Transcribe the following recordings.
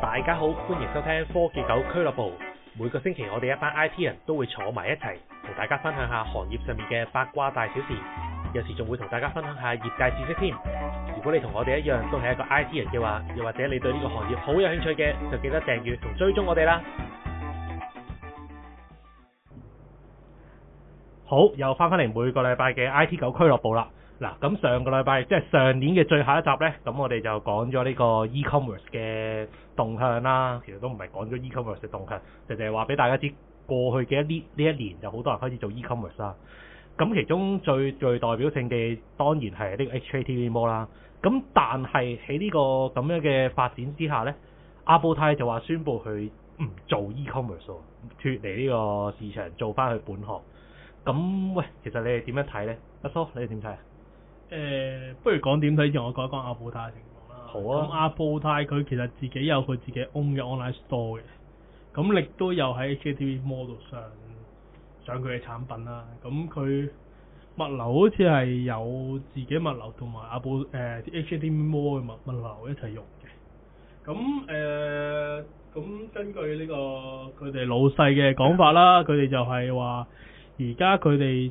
大家好，歡迎收聽科技狗俱樂部。每個星期我哋一班 IT 人都會坐埋一齊，同大家分享下行業上面嘅八卦大小事，有時仲會同大家分享下業界知識添。如果你同我哋一樣都係一個 IT 人嘅話，又或者你對呢個行業好有興趣嘅，就記得訂閱同追蹤我哋啦。好，又翻返嚟每個禮拜嘅 IT 狗俱樂部啦。嗱，咁上個禮拜即係上年嘅最後一集咧，咁我哋就講咗呢個 e-commerce 嘅動向啦。其實都唔係講咗 e-commerce 嘅動向，就淨係話俾大家知過去嘅一呢呢一年就好多人開始做 e-commerce 啦。咁其中最具代表性嘅當然係呢個 HKTV Mall 啦。咁但係喺呢個咁樣嘅發展之下咧，阿布泰就話宣布佢唔做 e-commerce，脫離呢個市場做翻去本行。咁喂，其實你哋點樣睇咧？阿蘇，你哋點睇啊？誒、欸，不如講點睇先，我講一講阿布泰嘅情況啦。好啊。咁阿布泰佢其實自己有佢自己 own 嘅 online store 嘅，咁亦都有喺 HKTV Mall 上上佢嘅產品啦。咁佢物流好似係有自己物流同埋阿布誒啲 HKTV Mall 嘅物物流一齊用嘅。咁誒，咁、呃、根據呢個佢哋老細嘅講法啦，佢哋 Yeah. 就係話，而家佢哋，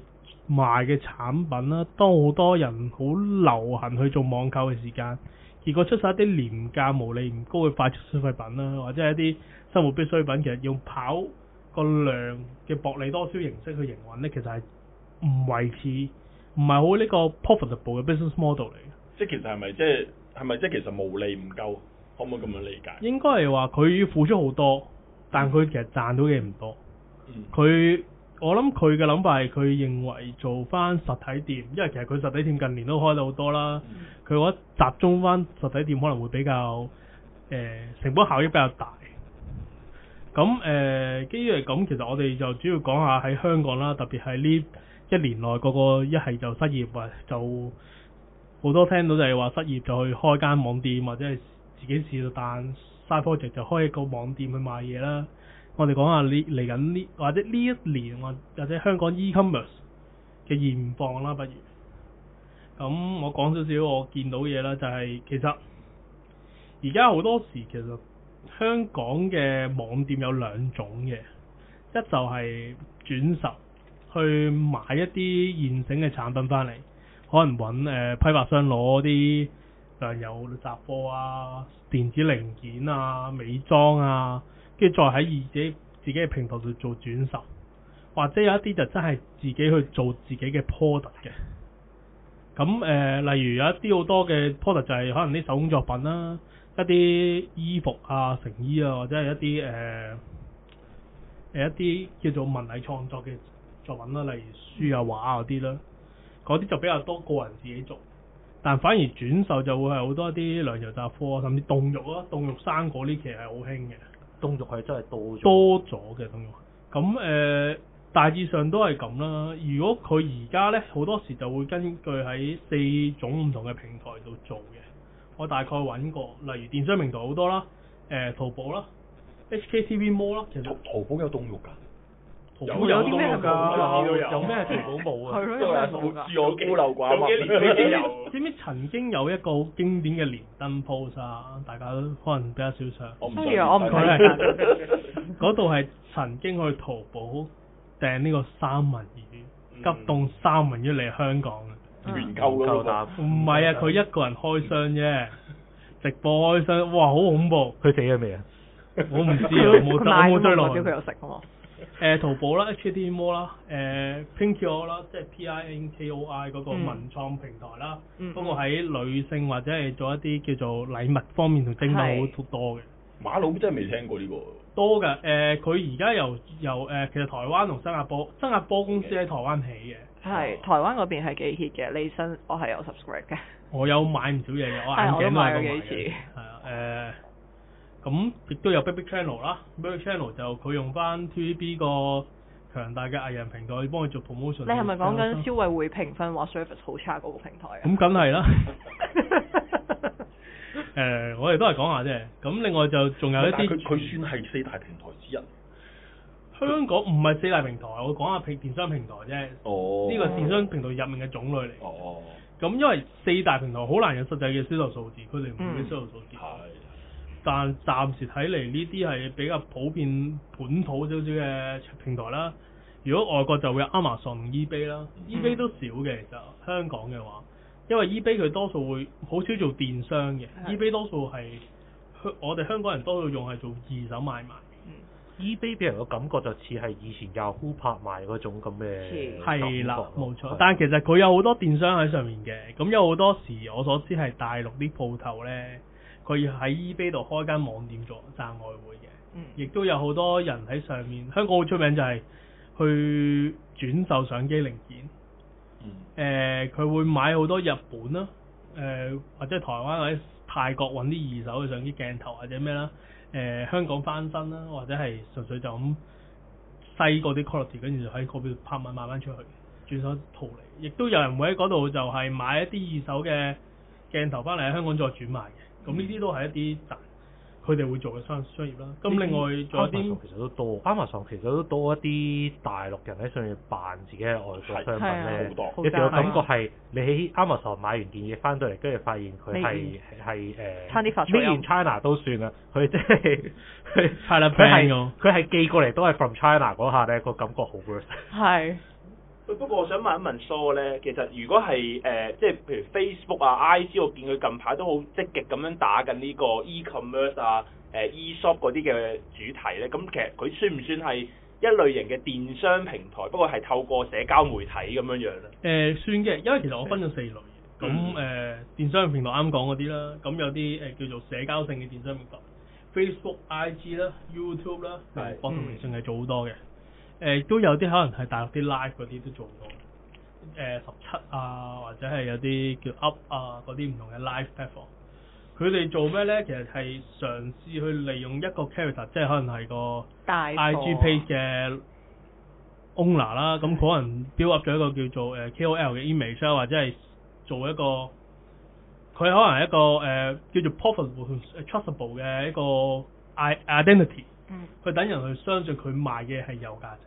賣嘅產品啦，當好多人好流行去做網購嘅時間，結果出售一啲廉價毛利唔高嘅快速消費品啦，或者係一啲生活必需品，其實用跑個量嘅薄利多銷形式去營運咧，其實係唔維持，唔係好呢個 profitable 嘅 business model 嚟嘅。即係其實係咪即係係咪即係其實毛利唔夠？可唔可以咁樣理解？應該係話佢付出好多，但佢其實賺到嘅唔多。佢、嗯我諗佢嘅諗法係佢認為做翻實體店，因為其實佢實體店近年都開得好多啦。佢覺得集中翻實體店可能會比較誒、呃、成本效益比較大。咁誒、呃，基於咁，其實我哋就主要講下喺香港啦，特別喺呢一年內，個個一係就失業，就好多聽到就係話失業就去開間網店，或者係自己試、試但彈 side project 就開一個網店去賣嘢啦。我哋講下呢嚟緊呢，或者呢一年或或者香港 e-commerce 嘅現況啦，不如。咁我講少少我見到嘅嘢啦，就係、是、其實而家好多時其實香港嘅網店有兩種嘅，一就係轉售，去買一啲現成嘅產品翻嚟，可能揾、呃、批發商攞啲誒有雜貨啊、電子零件啊、美妝啊。跟住再喺自己自己嘅平台度做轉售，或者有一啲就真係自己去做自己嘅 product 嘅。咁誒、呃，例如有一啲好多嘅 product 就係可能啲手工作品啦，一啲衣服啊、成衣啊，或者係一啲誒誒一啲叫做文藝創作嘅作品啦，例如書啊、畫啊嗰啲啦，嗰啲就比較多個人自己做，但反而轉售就會係好多一啲糧油雜貨啊，甚至凍肉啊、凍肉生果呢期係好興嘅。動作係真係多咗，多咗嘅動作。咁誒、呃，大致上都係咁啦。如果佢而家咧，好多時就會根據喺四種唔同嘅平台度做嘅。我大概揾過，例如電商平台好多啦，誒、呃、淘寶啦，HKTV More 啦，其實淘寶有動作㗎。有啲咩噶？有咩係淘寶冇啊？係咯，有咩恕我孤陋寡聞。年？你知有？知唔知曾經有一個好經典嘅連登 po 啊？大家都可能比較少上。我唔知啊，我唔上。嗰度係曾經去淘寶訂呢個三文魚，急凍三文魚嚟香港嘅。團購唔係啊！佢一個人開箱啫，直播開箱。哇！好恐怖，佢死咗未啊？我唔知啊，冇冇追落去。佢又食啊誒、呃、淘寶啦 h d m all,、呃 Pink io, I N K、o 啦，誒 Pinko 啦，即係 P I N K O I 嗰個文創平台啦，不過喺女性或者係做一啲叫做禮物方面同精品會好多嘅。馬佬，真係未聽過呢、這個。多㗎，誒佢而家由由誒、呃，其實台灣同新加坡，新加坡公司喺台灣起嘅。係的、啊、台灣嗰邊係幾 hit 嘅，你申我係有 subscribe 嘅。 我有買唔少嘢嘅，我眼鏡買咗好多。係啊是的，誒。 咁亦都有 Big Big Channel 啦，Big Big Channel 就佢用翻 TVB 個強大嘅藝人平台幫佢做 promotion。你係咪講緊消委會評分或 service 好差嗰個平台啊？咁梗係啦。誒、 嗯，我哋都係講下啫。咁另外就仲有一啲，佢算係四大平台之一。香港唔係四大平台，我講下平電商平台啫。哦。呢個電商平台入面嘅種類嚟。哦、oh. 嗯。咁、嗯、因為四大平台好難有實際嘅銷售數字，佢哋唔會俾銷售數字。Mm. 但暫時睇嚟呢啲係比較普遍本土少少嘅平台啦。如果外國就會有 Amazon eBay 啦，eBay 都少嘅，其實香港嘅話，因為 eBay 佢多數會好少做電商嘅的，eBay 多數係我哋香港人多數用係做二手買賣。嗯、eBay 俾人嘅感覺就似係以前 Yahoo 拍賣嗰種咁嘅，係啦冇錯。的但係其實佢有好多電商喺上面嘅，咁有好多時我所知係大陸啲鋪頭呢。佢喺 eBay 度開間網店做賺外匯嘅，亦都有好多人喺上面。香港好出名就係、是、去轉售相機零件。誒、呃，佢會買好多日本啦，誒、呃、或者台灣或者泰國揾啲二手嘅相機鏡頭或者咩啦，誒、呃、香港翻新啦，或者係純粹就咁低嗰啲 quality，跟住就喺嗰邊拍賣賣翻出去轉手套利。亦都有人會喺嗰度就係買一啲二手嘅鏡頭翻嚟喺香港再轉賣嘅。咁呢啲都係一啲佢哋會做嘅商商業啦。咁另外，仲有啲其實都多，Amazon 其實都多，實都多一啲大陸人喺上面扮自己嘅外國商品咧。有時候感覺係你喺 Amazon 買完件嘢翻到嚟，跟住發現佢係係誒 from China 都算啦。佢即係佢，係佢係寄過嚟都係 from China 嗰下咧，那個感覺好 worse，啊。係。不過我想問一問 Show 咧，其實如果係誒、呃，即係譬如 Facebook 啊、IG，我見佢近排都好積極咁樣打緊呢個 e-commerce 啊、誒、呃、e-shop 嗰啲嘅主題咧，咁、嗯、其實佢算唔算係一類型嘅電商平台？不過係透過社交媒體咁樣樣咧。誒、呃、算嘅，因為其實我分咗四類，咁誒電商平台啱講嗰啲啦，咁有啲誒、呃、叫做社交性嘅電商平台是，Facebook、IG 啦、YouTube 啦，同微信係做好多嘅。嗯我和誒都有啲可能係大陸啲 live 啲都做到，誒十七啊，或者係有啲叫 up 啊啲唔同嘅 live platform，佢哋做咩咧？其實係嘗試去利用一個 character，即係可能係個 IGP 嘅 owner 啦波，咁可能 build up 咗一個叫做誒 KOL 嘅 image，或者係做一個佢可能係一個誒叫做 profitable、trustable 嘅一個 identity，嗯，佢等人去相信佢賣嘅係有價值。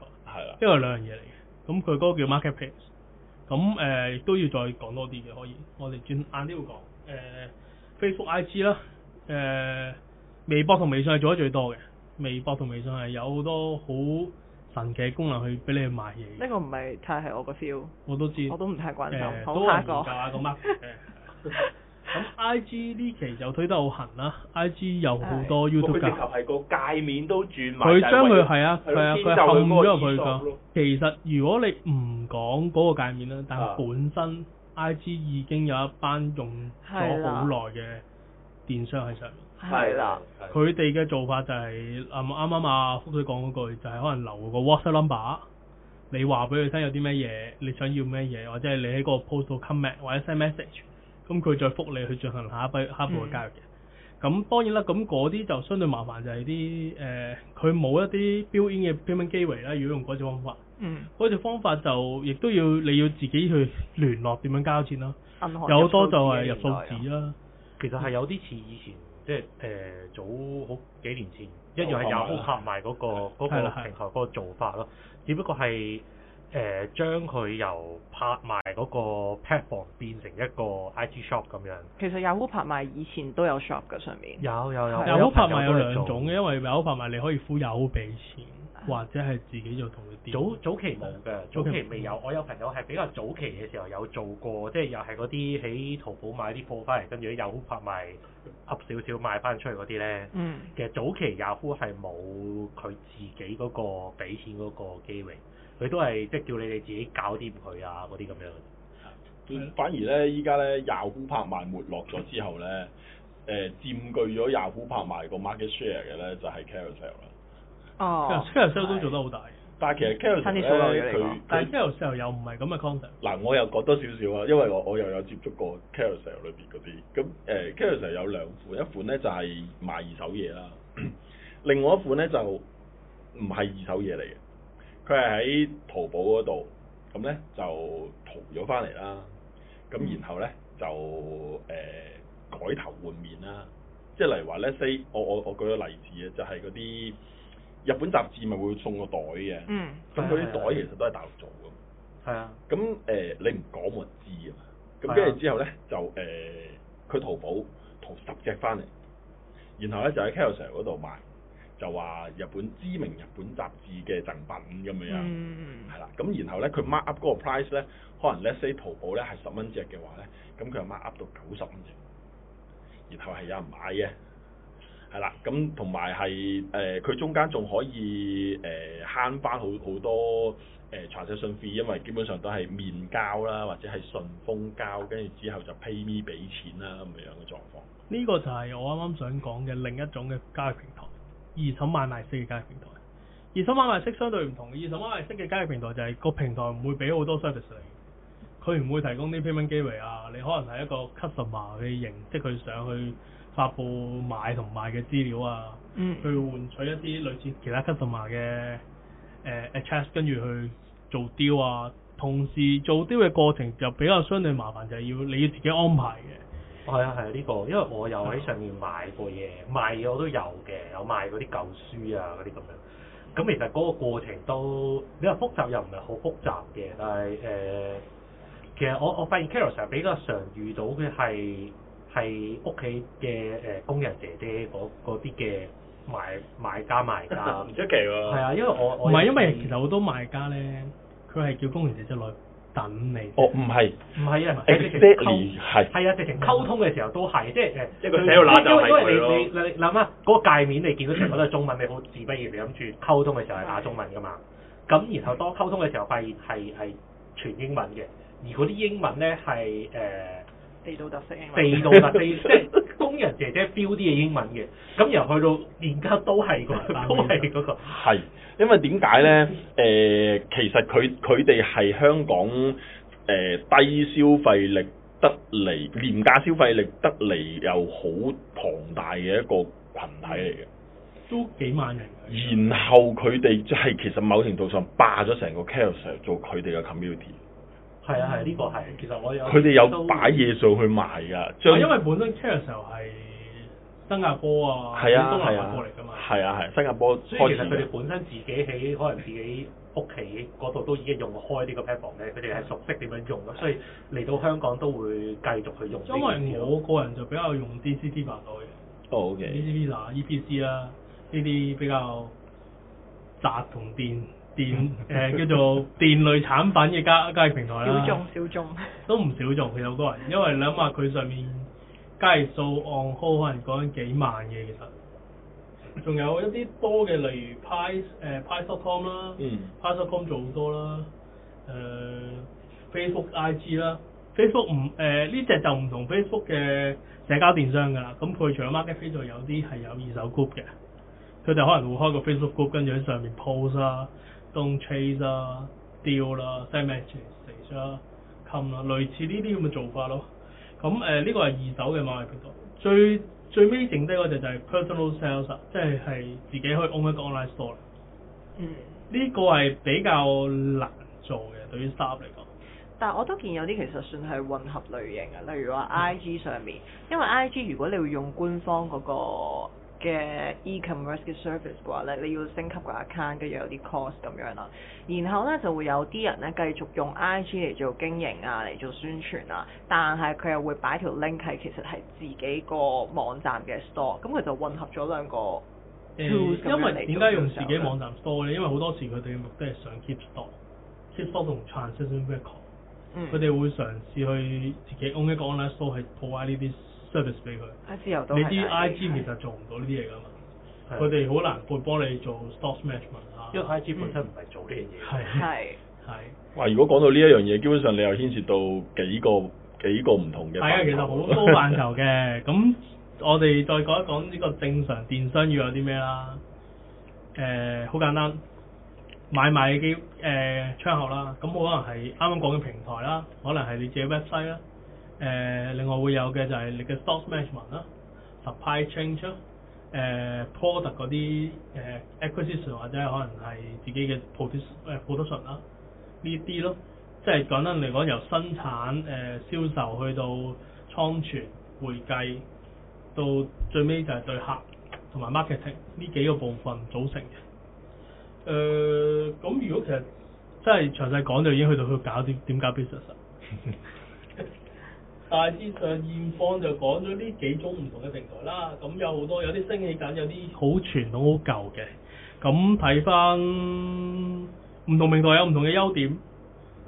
係，因為兩樣嘢嚟嘅，咁佢嗰個叫 marketplace，咁誒都、呃、要再講多啲嘅可以，我哋轉眼呢度講，誒、呃、Facebook IG 啦，誒微博同微信係做得最多嘅，微博同微信係有好多好神奇嘅功能去俾你去買嘢。呢個唔係太係我個 feel。我都知。我都唔太關就，誒、呃，嗰個唔夠啊個咁 I G 呢期就推得好狠啦，啊，I G 有好多 YouTube。佢其實係個界面都轉埋。佢將佢係啊係啊，佢係後面咗入去噶。其實如果你唔講嗰個界面啦，的但係本身 I G 已經有一班用咗好耐嘅電商喺上面。係啦的。佢哋嘅做法就係啱啱啊福，福仔講嗰句就係、是、可能留個 WhatsApp number，你話俾佢聽有啲咩嘢，你想要咩嘢，或者係你喺嗰個 post 度 comment 或者 send message。咁佢再復你去進行下一筆下一步嘅交易嘅，咁、嗯、當然啦，咁嗰啲就相對麻煩就，就係啲誒，佢冇一啲 built-in 嘅 payment gateway 啦，如果用嗰隻方法。嗯。嗰隻方法就亦都要你要自己去聯絡點樣交錢囉，有好多就係入數字啦。字字其實係有啲似以前，即係誒、呃、早好幾年前一樣係有複合埋嗰個平台嗰個做法咯，只不過係。誒、呃、將佢由拍賣嗰個 platform 變成一個 IT shop 咁樣。其實 Yahoo 拍賣以前都有 shop 嘅上面。有有有。對 Yahoo 對拍賣有兩種嘅，嗯、因為 Yahoo 拍賣你可以付 Yahoo 俾錢，嗯、或者係自己就同佢。早早期冇嘅，早期未有，有。我有朋友係比較早期嘅時候有做過，即係又係嗰啲喺淘寶買啲貨翻嚟，跟住 Yahoo 拍賣恰少少賣翻出嚟嗰啲咧。小小呢嗯。其實早期 Yahoo 係冇佢自己嗰個俾錢嗰個機會。佢都係即係叫你哋自己搞掂佢啊嗰啲咁樣。反而咧，依家咧 Yahoo 拍賣沒落咗之後咧，誒、 呃、佔據咗 Yahoo 拍賣個 market share 嘅咧就係、是、Carousel 啦。哦、oh, 的。Carousel 都做得好大。但係其實 Carousel 咧，佢 Carousel 又唔係咁嘅 concept。嗱，我又講多少少啊，因為我我又有接觸過 Carousel 裏邊嗰啲，咁誒、呃 mm hmm. Carousel 有兩款，一款咧就係、是、賣二手嘢啦，另外一款咧就唔係二手嘢嚟嘅。佢係喺淘寶嗰度，咁咧就淘咗翻嚟啦，咁然後咧就誒、呃、改頭換面啦，即係例如話咧，我我我舉個例子啊，就係嗰啲日本雜誌咪會送個袋嘅，咁啲、嗯、袋其實都係大陸做嘅，係啊、嗯，咁誒、嗯呃、你唔講冇人知啊，咁跟住之後咧就誒佢、呃、淘寶淘寶十隻翻嚟，然後咧就喺 c a o s i a 嗰度賣。就話日本知名日本雜誌嘅贈品咁樣樣，係啦、嗯。咁然後咧，佢 mark up 嗰個 price 咧，可能 let's say 淘寶咧係十蚊隻嘅話咧，咁佢又 mark up 到九十蚊隻，然後係有人買嘅，係啦。咁同埋係誒，佢、呃、中間仲可以誒慳翻好好多誒 transaction fee，因為基本上都係面交啦，或者係順豐交，跟住之後就 pay me 俾錢啦咁樣樣嘅狀況。呢個就係我啱啱想講嘅另一種嘅交易平台。二手買賣式嘅交易平台，二手買賣式相對唔同，嘅二手買賣式嘅交易平台就係個平台唔會俾好多 service 你，佢唔會提供啲 payment gateway 啊。你可能係一個 customer 嘅形式去上去發布買同賣嘅資料啊，嗯、去換取一啲類似其他 customer 嘅誒 access，跟住去做 deal 啊。同時做 deal 嘅過程就比較相對麻煩，就係、是、要你要自己安排嘅。係啊係啊呢、這個，因為我有喺上面買過嘢，賣嘢、嗯、我都有嘅，有賣嗰啲舊書啊嗰啲咁樣。咁其實嗰個過程都比較複雜，又唔係好複雜嘅，但係誒、呃，其實我我發現 Carol 成日比較常遇到嘅係係屋企嘅誒工人姐姐嗰啲嘅買買家賣家。唔出、嗯嗯、奇喎。係啊，因為我是我唔係因為其實好多賣家咧，佢係叫工人姐姐女。等你。哦，唔係。唔係啊，係、exactly、直情啊，直情溝通嘅時候都係，即係誒。即係你、嗯、因、因為你你諗下嗰個界面你見到全部都係中文，你好自不義，你諗住溝通嘅時候係打中文㗎嘛？咁然後當溝通嘅時候發現係係全英文嘅，而嗰啲英文咧係誒。呃、地道特色英文、地道特地即。人姐姐標啲嘅英文嘅，咁然後去到而家都係個都係個，係的、嗰個。因為點解咧？誒、呃、其實佢佢哋係香港誒、呃、低消費力得嚟廉價消費力得嚟又好龐大嘅一個群體嚟嘅。都幾萬人。然後佢哋即係其實某程度上霸咗成個 Carousell 做佢哋嘅 community。係啊係，呢個係，其實我有佢哋有擺嘢上去賣㗎，將。因為本身 Charles 係新加坡啊，東南亞過嚟㗎嘛。係啊係，啊啊啊啊，新加坡。所以其實佢哋本身自己喺可能自己屋企嗰度都已經用開呢個 platform 嘅，佢哋係熟悉點樣用咯，所以嚟到香港都會繼續去用。因為我個人就比較用 DCT 辦多嘅。哦、oh，OK、e 啊。DCT 啦、EPC 啦，呢啲比較雜同電。電誒、呃、叫做電類產品嘅交易平台啦，小眾小眾都唔少做。其實好多人，因為你諗下佢上面交易數按 n call 可能講緊幾萬嘅其實，仲有一啲多嘅，例如 pie p i t、呃、com 啦、嗯、p i t com 做好多啦，誒、呃、Facebook I G 啦，Facebook 唔誒呢隻就唔同 Facebook 嘅社交電商㗎啦，咁佢除咗 Marketplace，就有啲係有二手 group 嘅，佢哋可能會開個 Facebook group，跟住喺上面 post 啦。don't chase 啦 deal 啦，same message 啦，come 啦，類似呢啲咁嘅做法咯。咁誒呢個係二手嘅賣喺邊度？最最尾剩低嗰隻就係 personal sales，即係係自己可以 own 一個 online store 嗯。呢個係比較難做嘅，對於 star 嚟講。但係我都見有啲其實算係混合類型啊，例如話 IG 上面，嗯、因為 IG 如果你會用官方嗰、那個。嘅 e-commerce 嘅 service 嘅話咧，你要升級個 account，跟住有啲 cost 咁樣啦。然後咧就會有啲人咧繼續用 IG 嚟做經營啊，嚟做宣傳啊，但係佢又會擺條 link 係其實係自己個網站嘅 store，咁佢就混合咗兩個、嗯。樣因為點解來做 用自己網站 store 咧？ 因為好多時佢哋嘅目的係想 keep store，keep store 同 store transaction record、嗯。佢哋會嘗試去自己 own 一個 online store 去鋪開呢啲。service 俾佢，你啲 I T 其實做唔到呢啲嘢噶嘛，佢哋好難會幫你做 stock management 嘛，因為 I T 本身唔係做呢樣嘢。係係係。哇！如果講到呢一樣嘢，基本上你又牽涉到幾個幾個唔同嘅。係啊，其實好多範疇嘅，咁 我哋再講一講呢個正常電商要有啲咩啦。誒、呃，好簡單，買賣嘅誒窗口啦，咁可能係啱啱講嘅平台啦，可能係你自己嘅 website 啦。誒、呃，另外會有嘅就係你嘅 stock management 啦，supply chain 啦、呃，誒 product 嗰啲誒 acquisition 或者可能係自己嘅 produce 誒 production 啦、啊，呢啲咯，即係簡單嚟講，由生產誒、呃、銷售去到倉存、會計，到最尾就係對客同埋 marketing 呢幾個部分組成嘅。誒、呃，咁如果其實真係詳細講就已經去到去搞點點搞 business 啦。 大致上驗貨就講咗呢幾種唔同嘅平台啦，咁有好多有啲升起緊，有啲好傳統好舊嘅。咁睇翻唔同平台有唔同嘅優點，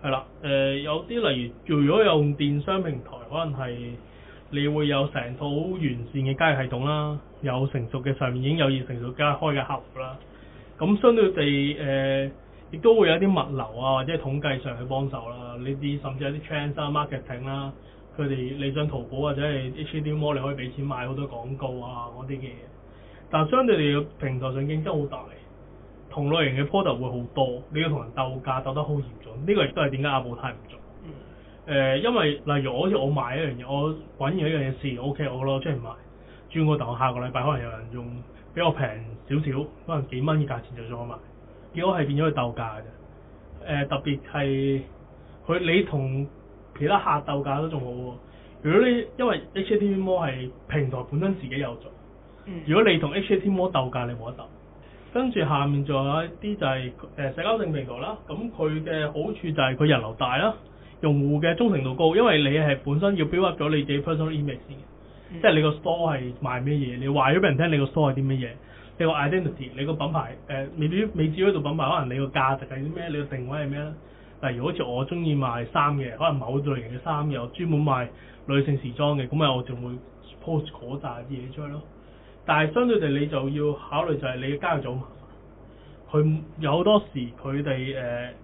係啦，誒、呃、有啲例如，如果有用電商平台，可能係你會有成套好完善嘅交易系統啦，有成熟嘅上面已經有熱成熟加開嘅客戶啦。咁相對地，誒、呃、亦都會有啲物流啊或者統計上去幫手啦，你啲甚至有啲 trend 啦、marketing 啦。佢哋你上淘寶或者係 H、G、D 魔，你可以俾錢買好多廣告啊嗰啲嘅嘢，但係相對嚟講平台上競爭好大，同類型嘅 product 會好多，你要同人鬥價鬥得好嚴重，呢、這個亦都係點解阿布泰唔做？誒、呃，因為例如我好似我賣一樣嘢，我揾完一樣嘢試，O K 我咯，出嚟賣，轉個頭下個禮拜可能有人用比我平少少，可能幾蚊嘅價錢就再賣，結果係變咗去鬥價嘅，啫、呃。誒特別係佢你同。其他客鬥價都仲好喎、啊。如果你因為 HKTVmall 係平台本身自己有做，嗯、如果你同 HKTVmall 鬥價你冇得鬥。跟住下面仲有一啲就係、是、誒、呃、社交性平台啦，咁佢嘅好處就係佢人流大啦，用戶嘅忠誠度高，因為你係本身要 build up 咗你自己 personal image 先嘅，嗯、即係你個 store 係賣咩嘢，你話咗俾人聽你個 store 係啲咩嘢，你個 identity，你個品牌誒、呃、未必未至於做品牌，可能你個價值係啲咩，你個定位係咩啦。例如好似我中意賣衫嘅，可能某類型嘅衫有我專門賣女性時裝嘅，咁啊我就會 post 嗰啲嘢出去咯。但係相對地，你就要考慮就係你嘅交易組，佢有好多時佢哋誒，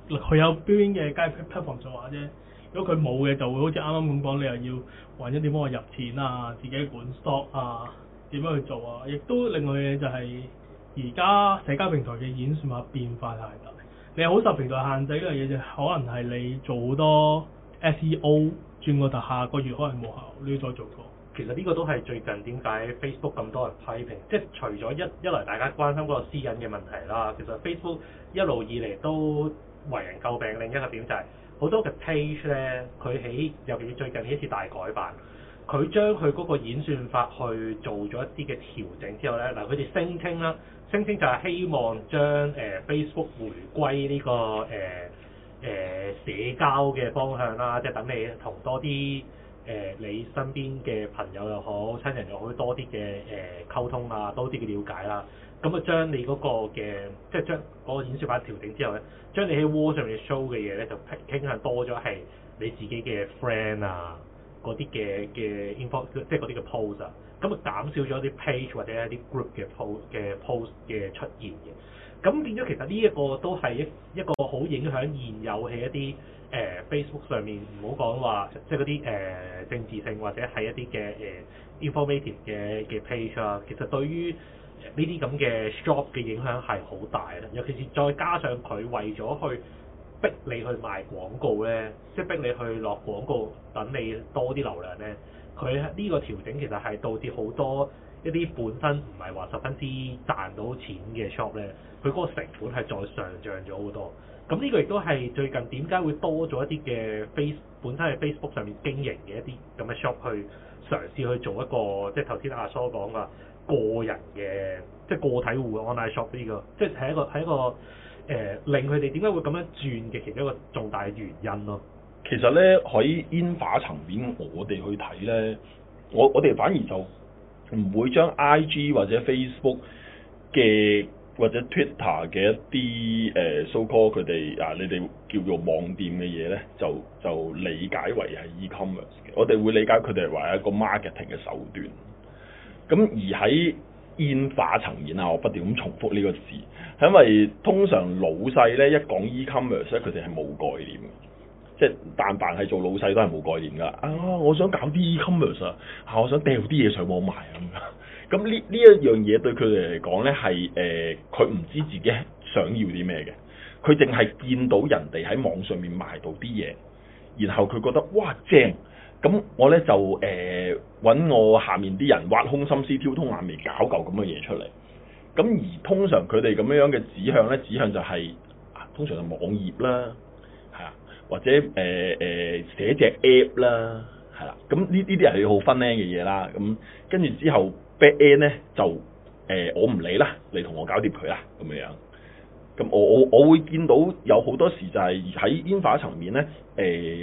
佢、呃、有邊嘅交易批房組啊啫。如果佢冇嘅，就會好似啱啱咁講，你又要揾一點幫我入錢啊，自己管 stock 啊，點樣去做啊？亦都另外嘢就係而家社交平台嘅演算法變化太大。你好受平台限制，呢樣嘢，就可能係你做好多 SEO 轉過，但下個月可能冇效，你要再做過。其實呢個都係最近點解 Facebook 咁多人批評，即係除咗一一來大家關心嗰個私隱嘅問題啦，其實 Facebook 一路以嚟都為人詬病另一個點就係、是、好多嘅 page 咧，佢喺尤其是最近呢一次大改版，佢將佢嗰個演算法去做咗一啲嘅調整之後咧，嗱佢哋聲稱啦。星星就係希望將誒、呃、Facebook 回歸呢、這個誒誒、呃呃、社交嘅方向啦，即係等你同多啲誒、呃、你身邊嘅朋友又好、親人又好，多啲嘅誒溝通啊，多啲嘅了解啦。咁啊，就將你嗰個嘅即係將嗰、那個演說法調整之後咧，將你喺 Wall 上面 show 嘅嘢咧，就傾向多咗係你自己嘅 friend 啊嗰啲嘅嘅 info，即係嗰啲嘅 post 啊。咁啊，減少咗啲 page 或者一啲 group 嘅 post 嘅 post 嘅出現嘅。咁變咗其實呢一個都係一一個好影響現有嘅一啲誒、uh, Facebook 上面唔好講話即係嗰啲誒政治性或者係一啲嘅誒 informative 嘅嘅 page 啊，其實對於呢啲咁嘅 shop 嘅影響係好大啦，尤其是再加上佢為咗去逼你去賣廣告咧，即係逼你去落廣告等你多啲流量咧。佢呢個調整其實係導致好多一啲本身唔係話十分之賺到錢嘅 shop 咧，佢嗰個成本係再上漲咗好多。咁呢個亦都係最近點解會多咗一啲嘅 face 本身係 Facebook 上面經營嘅一啲咁嘅 shop 去嘗試去做一個，即係頭先阿蘇講話個人嘅即係個體戶嘅 online shop 呢個，即係係一個係一個誒、呃、令佢哋點解會咁樣轉嘅其中一個重大嘅原因咯。其實咧，喺煙化層面我，我哋去睇咧，我我哋反而就唔會將 IG 或者 Facebook 嘅或者 Twitter 嘅一啲誒 so-called 佢哋啊，你哋叫做網店嘅嘢咧，就就理解為係 e-commerce 嘅。我哋會理解佢哋話係一個 marketing 嘅手段。咁而喺煙化層面啊，我不斷咁重複呢個字，係因為通常老細咧一講 e-commerce 咧，佢哋係冇概念嘅。即係但凡係做老細都係冇概念㗎。啊，我想搞啲 e-commerce，啊，我想掉啲嘢上網上賣咁。咁呢呢一樣嘢對佢哋嚟講咧係誒，佢、呃、唔知自己想要啲咩嘅。佢淨係見到人哋喺網上面賣到啲嘢，然後佢覺得哇正。咁我咧就誒揾、呃、我下面啲人挖空心思挑通眼眉搞嚿咁嘅嘢出嚟。咁而通常佢哋咁樣樣嘅指向咧，指向就係、是、通常就網頁啦。或者誒誒、呃呃、寫隻 app 啦，係啦，咁呢呢啲係要好 funny 嘅嘢啦，咁跟住之後 back end 咧就誒、呃、我唔理啦，你同我搞掂佢啦咁樣樣，咁我我我會見到有好多時就係喺 infra 層面咧，誒、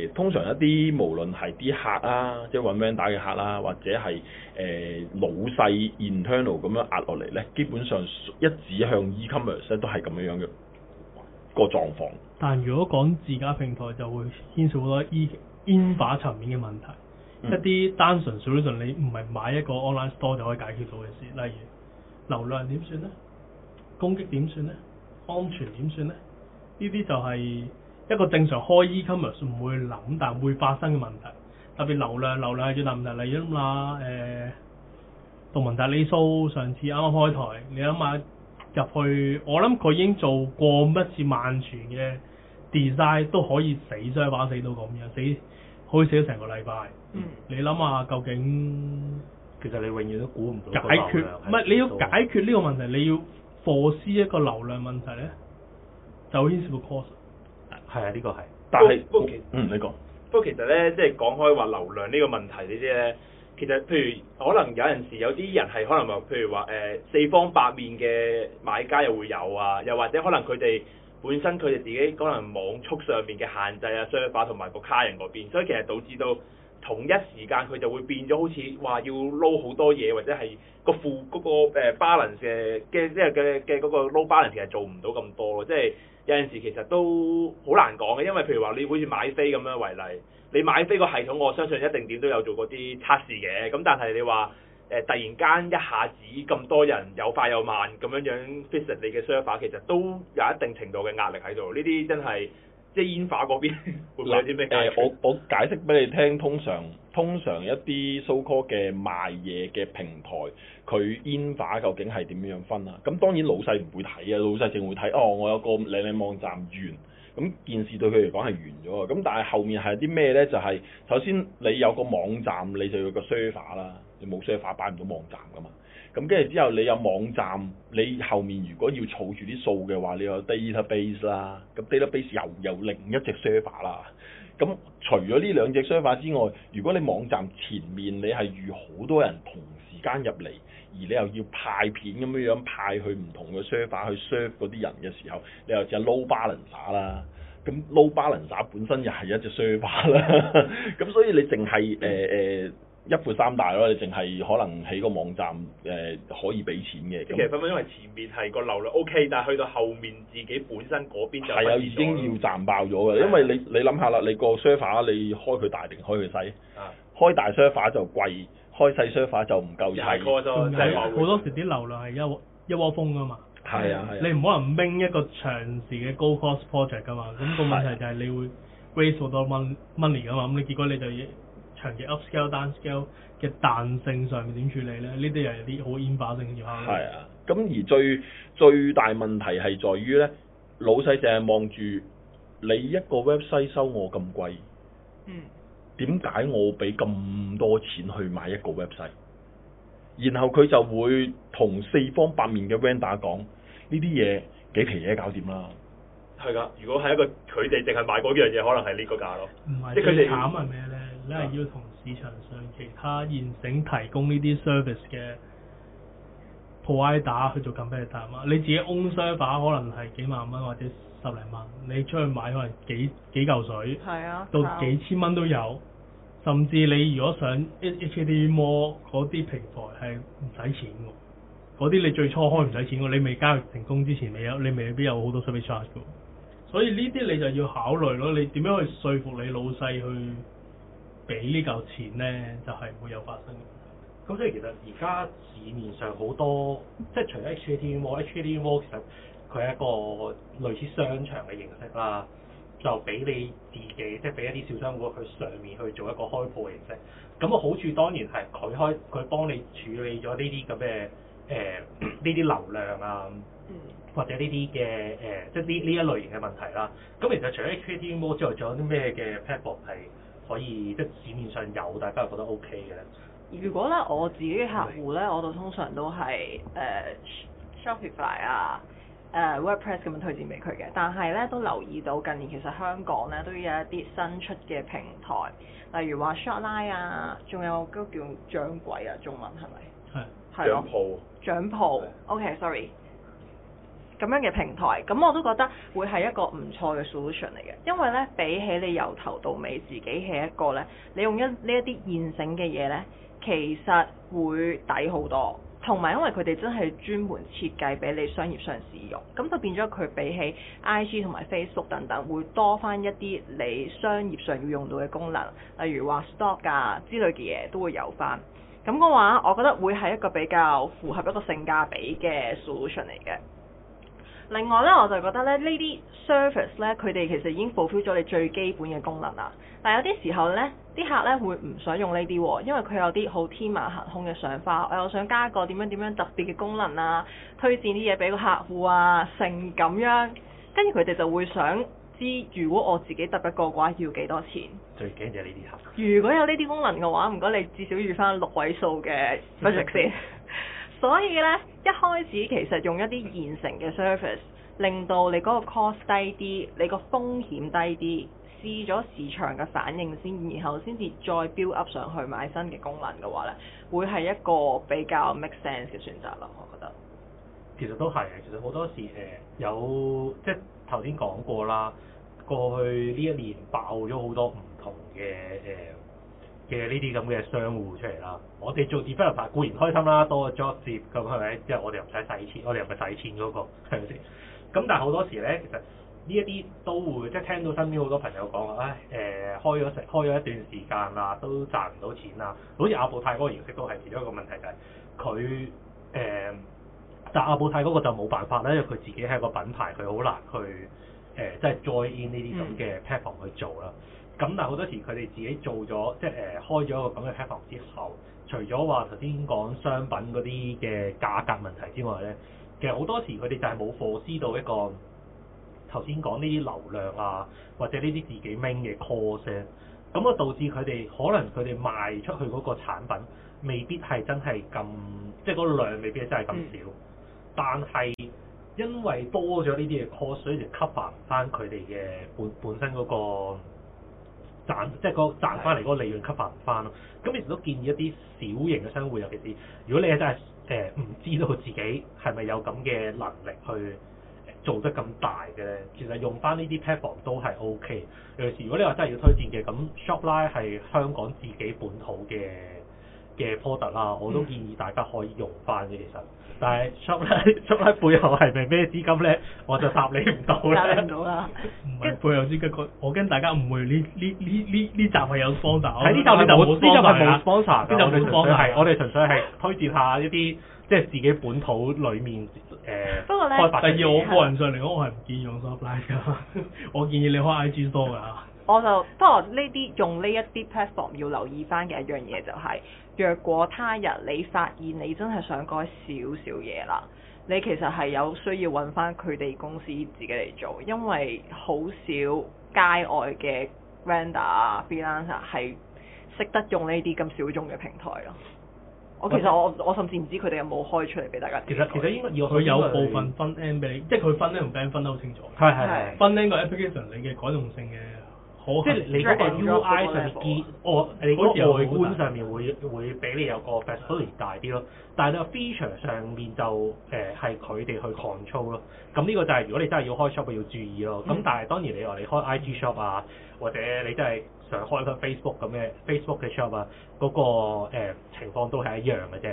呃、通常一啲無論係啲客啊，即係揾 man d 打嘅客啦，或者係誒、呃、老細 internal 咁樣壓落嚟咧，基本上一指向 e-commerce 都係咁樣樣嘅。個狀況，但如果講自家平台就會牽涉好多 E、e 化 a 面嘅問題，嗯、一啲單純 solution 你唔係買一個 online store 就可以解決到嘅事，例如流量點算咧？攻擊點算咧？安全點算咧？呢啲就係一個正常開 e-commerce 唔會諗，但會發生嘅問題。特別流量，流量係最難唔定。例如諗下杜文達你 s 上次啱啱開台，你諗下。入去，我諗佢已經做過一次萬全嘅 design，都可以死雙把死到咁樣，死可以死咗成個禮拜。嗯。你諗下，究竟其實你永遠都估唔到解決，唔係你要解決呢個問題，你要 force 一個流量問題咧。就 invisible cause 啊，係啊，呢個係。但係不過其嗯你講，不過、嗯這個嗯、其實咧，即係講開話流量呢個問題呢啲咧。其實，譬如可能有陣時有啲人係可能話，譬如話誒、呃、四方八面嘅買家又會有啊，又或者可能佢哋本身佢哋自己可能網速上面嘅限制啊、server 同埋個卡人嗰邊，所以其實導致到同一時間佢就會變咗好似話要撈好多嘢，或者係個負嗰、嗰個誒 balance 嘅嘅即係嘅嘅嗰個撈 balance、嗰個、其實做唔到咁多咯，即係有陣時其實都好難講嘅，因為譬如話你好似買飛咁樣為例。你買飛個系統，我相信一定點都有做過啲測試嘅。咁但係你話誒、呃，突然間一下子咁多人又快又慢咁樣樣 fix 你嘅 server，其實都有一定程度嘅壓力喺度。呢啲真係即係煙化嗰邊會唔會有啲咩、 呃、我我解釋俾你聽。通常通常一啲 so call 嘅賣嘢嘅平台，佢煙化究竟係點樣分啊？咁當然老細唔會睇啊，老細淨會睇哦。我有個靚靚網站完。咁件事對佢嚟講係完咗啊！咁但係後面係啲咩呢？就係、是、首先你有個網站，你就有個 server 啦。你冇 server 擺唔到網站噶嘛。咁跟住之後你有網站，你後面如果要儲住啲數嘅話，你有 database 啦。咁 database 又有另一隻 server 啦。咁除咗呢兩隻 server 之外，如果你網站前面你係遇好多人同間入嚟，而你又要派片咁樣樣派去唔同嘅 server 去 serve 嗰啲人嘅時候，你又似係 load balancer 啦，咁 load balancer 本身又係一隻 server 啦，咁、嗯、 所以你淨係誒誒一負三大咯，你淨係可能喺個網站誒、呃、可以俾錢嘅。是那其實分分鐘係前面係個流量 OK，但係去到後面自己本身嗰邊就係啊，已經要賺爆咗嘅，因為你的你諗下啦，你個 server 你開佢大定開佢細，啊、開大 server 就貴。開細 server 就唔夠差，好多時啲流量係一一窩蜂噶嘛。係啊，啊你唔可能掹一個長時嘅高 cost project 噶嘛。咁、那個問題就係你會 raise 好多 mon money 噶嘛。咁你結果你就要長期 upscale downscale 嘅彈性上面點處理咧？呢啲、嗯、又係啲好演化性嘅嘢咯。啊，咁而最最大問題係在於咧，老細淨係望住你一個 website 收我咁貴。嗯。點解我俾咁多錢去買一個 website？然後佢就會同四方八面嘅 vendor 講，呢啲嘢幾皮嘢搞掂啦。係噶，如果係一個佢哋淨係賣嗰樣嘢，可能係呢個價咯。唔係，即係佢哋最慘係咩咧？你係要同市場上其他現成提供呢啲 service 嘅 provider 去做 compare 啊！你自己 own server 可能係幾萬蚊或者，十零萬，你出去買可能幾幾嚿水，啊、到幾千蚊都有。甚至你如果上 H HKTVmall 嗰啲平台係唔使錢嘅，嗰啲你最初開唔使錢嘅，你未交易成功之前未有，你未必有好多 service charge 嘅。所以呢啲你就要考慮咯，你點樣去説服你老細去俾呢嚿錢咧，就係、是、會有發生。咁即係其實而家市面上好多，即係除咗 HKTVmall，HKTVmall 其實。佢一個類似商場嘅形式啦，就俾你自己，即係俾一啲小商戶去上面去做一個開鋪嘅形式。咁個好處當然係佢開，佢幫你處理咗呢啲咁嘅誒呢啲流量啊，或者呢啲嘅誒，即係呢呢一類型嘅問題啦。咁其實除咗 HKTVmall 之外，仲有啲咩嘅 platform 係可以即係市面上有，大家又覺得 O K 嘅咧？如果咧我自己嘅客戶咧，的我就通常都係誒、呃、Shopify 啊。誒、uh, WordPress 咁樣推薦俾佢嘅，但係咧都留意到近年其實香港咧都有一啲新出嘅平台，例如話 Shopline 啊，仲有都叫掌櫃啊，中文係咪？係。係咯。掌鋪。掌鋪，OK，sorry。咁樣嘅平台，咁我都覺得會係一個唔錯嘅 solution 嚟嘅，因為咧比起你由頭到尾自己起一個咧，你用一呢一啲現成嘅嘢咧，其實會抵好多。同埋因為佢哋真係專門設計俾你商業上使用，咁就變咗佢比起 IG 同埋 Facebook 等等，會多返一啲你商業上要用到嘅功能，例如話 stock 啊之類嘅嘢都會有返。咁嘅話，我覺得會係一個比較符合一個性價比嘅 solution 嚟嘅。另外咧，我就覺得咧，呢啲 service 咧，佢哋其實已經補充咗你最基本嘅功能啦。但係有啲時候呢啲客咧會唔想用呢啲喎，因為佢有啲好天馬行空嘅想法，我又想加個點樣點樣特別嘅功能啊，推薦啲嘢俾個客戶啊，成咁樣，跟住佢哋就會想知，如果我自己揼一個嘅話，要幾多錢？最驚就係呢啲客。如果有呢啲功能嘅話，唔該你至少預翻六位數嘅 budget 先。所以咧，一開始其實用一啲現成嘅 service，令到你嗰個 cost 低啲，你個風險低啲，試咗市場嘅反應先，然後先至再 build up 上去買新嘅功能嘅話咧，會係一個比較 make sense 嘅選擇啦。我覺得其實都係，其實好多時誒、呃，有即係頭先講過啦，過去呢一年爆咗好多唔同嘅誒。呃嘅呢啲咁嘅商戶出嚟啦，我哋做 developer 固然開心啦，多個 job 接咁係咪？即係我哋又唔使使錢，我哋又唔使使錢嗰，那個，係咪先？咁但係好多時咧，其實呢一啲都會即係聽到身邊好多朋友講話，唉誒、呃、開咗成開咗一段時間啦，都賺唔到錢啦。好似阿布泰嗰個形式都係其中一個問題就係佢誒，但係阿布泰嗰個就冇辦法啦，因為，佢自己係一個品牌，佢好難去誒即係 join in 呢啲咁嘅 platform 去做啦。咁但好多時佢哋自己做咗，即係誒開咗一個咁嘅 platform 之後，除咗話頭先講商品嗰啲嘅價格問題之外咧，其實好多時佢哋就係冇貨施到一個頭先講呢啲流量啊，或者呢啲自己 mean 嘅 call 聲，咁啊導致佢哋可能佢哋賣出去嗰個產品未必係真係咁，即係個量未必係真係咁少，嗯、但係因為多咗呢啲嘅 call，所以就吸乏唔翻佢哋嘅本本身嗰個。賺即係、就是、個賺翻嚟嗰個利潤吸唔翻咯，咁我亦都建議一啲小型嘅商戶，尤其是如果你係真係誒唔知道自己係咪有咁嘅能力去做得咁大嘅，其實用翻呢啲 platform 都係 O K。尤其是如果你話真係要推薦嘅，咁 SHOPLINE 係香港自己本土嘅。嘅 product 啦，我都建議大家可以用翻嘅，其實。但係 supply supply 背後係咪咩資金咧？我就答你唔到啦。答唔到啦。唔係背後資金 我驚大家誤會呢呢呢呢呢集係有 sponsor。喺呢集就冇呢集冇 sponsor 㗎，呢集，集我哋係、啊、我哋純粹係推薦下呢啲即係自己本土裡面誒。呃、不過咧，第二下。我，是我個人上嚟講，我係唔建議用 supply 噶。 我建議你開 I G s o 多㗎。我就不過呢啲用呢一啲 platform 要留意翻嘅一樣嘢就係、是。若果他日你發現你真係想改少少嘢啦，你其實係有需要揾翻佢哋公司自己嚟做，因為好少街外嘅 render 啊、freelancer 係識得用呢啲咁小眾嘅平台咯。我其實我 我甚至唔知佢哋有冇開出嚟俾大家其。其實其實應該要佢有部分分 n 俾你，即係佢分 N 同 band 分得好清楚。係係係，是分呢個 application 你嘅改動性嘅。即係你嗰個 UI 上面見外、哦，你嗰外觀上面會會俾你有個 versatility 大啲咯。但係你 feature 上面就誒係佢哋去 control 咯。咁、呃、呢、這個就係如果你真係要開 shop 要注意咯。咁、呃、但係當然你話你開 IG shop 啊，或者你真係想開翻、嗯、Facebook 咁嘅 Facebook 嘅 shop 啊，嗰、那個、呃、情況都係一樣嘅啫。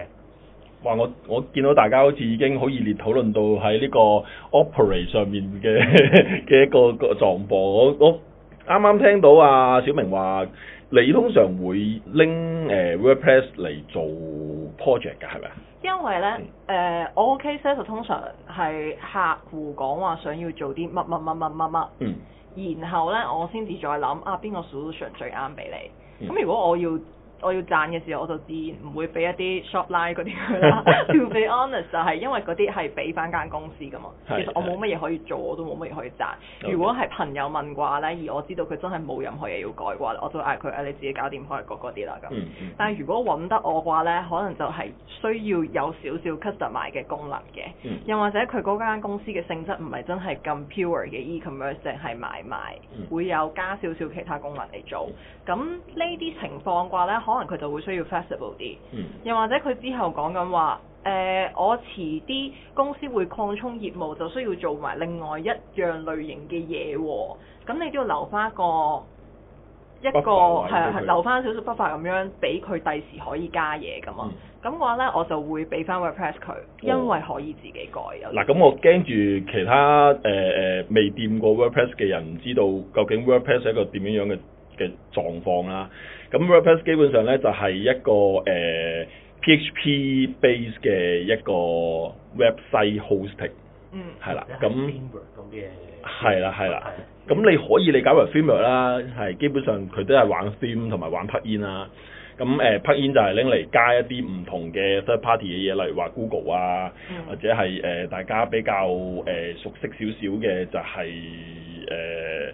哇！我我見到大家好似已經好熱烈討論到喺呢個 operate 上面嘅嘅、嗯、一個一個狀況我我。我啱啱聽到啊，小明話你通常會拎誒、呃、WordPress 嚟做 project 㗎，係咪啊？因為咧誒、呃，我 case 咧就通常係客戶講話想要做啲乜乜乜乜乜乜，嗯，然後咧我先至再諗啊邊個 solution 最啱俾你。咁如果我要。我要賺嘅時候，我就自然唔會俾一啲 shopline 嗰啲啦。 to be honest 就係因為嗰啲係俾翻間公司噶嘛。 其實我冇乜嘢可以做，我都冇乜嘢可以賺。Okay. 如果係朋友問嘅話呢，而我知道佢真係冇任何嘢要改嘅話，我就嗌佢，誒，你自己搞掂開嗰啲啦咁。但係如果揾得我嘅話呢，可能就係需要有少少 custom 買嘅功能嘅。嗯、又或者佢嗰間公司嘅性質唔係真係咁 pure 嘅 e-commerce，淨係買賣，嗯、會有加少少，少其他功能嚟做。咁呢啲情況嘅話呢。可能佢就會需要 flexible 啲，嗯、又或者佢之後講緊話，誒、呃，我遲啲公司會擴充業務，就需要做埋另外一樣類型嘅嘢喎。咁你都要留翻一個一個係啊，留翻少少不法咁樣，俾佢第時可以加嘢咁啊。咁嘅、嗯、話咧，我就會俾翻 WordPress 佢，哦、因為可以自己改。嗱，咁我驚住其他誒誒未掂過 WordPress 嘅人唔知道究竟 WordPress 係一個點樣樣嘅嘅狀況啦。咁 WordPress 基本上咧就係一個誒、呃、PHP base 嘅一個 website hosting，嗯，係啦的，咁咁係啦係啦，咁你可以理解為 theme 啦，係基本上佢都係玩 theme 同埋玩 plugin 啦。咁誒 plugin 就係拎嚟加一啲唔同嘅 third party 嘅嘢，例如話 Google 啊、嗯，或者係誒、呃、大家比較誒、呃、熟悉少少嘅就係、是、誒。呃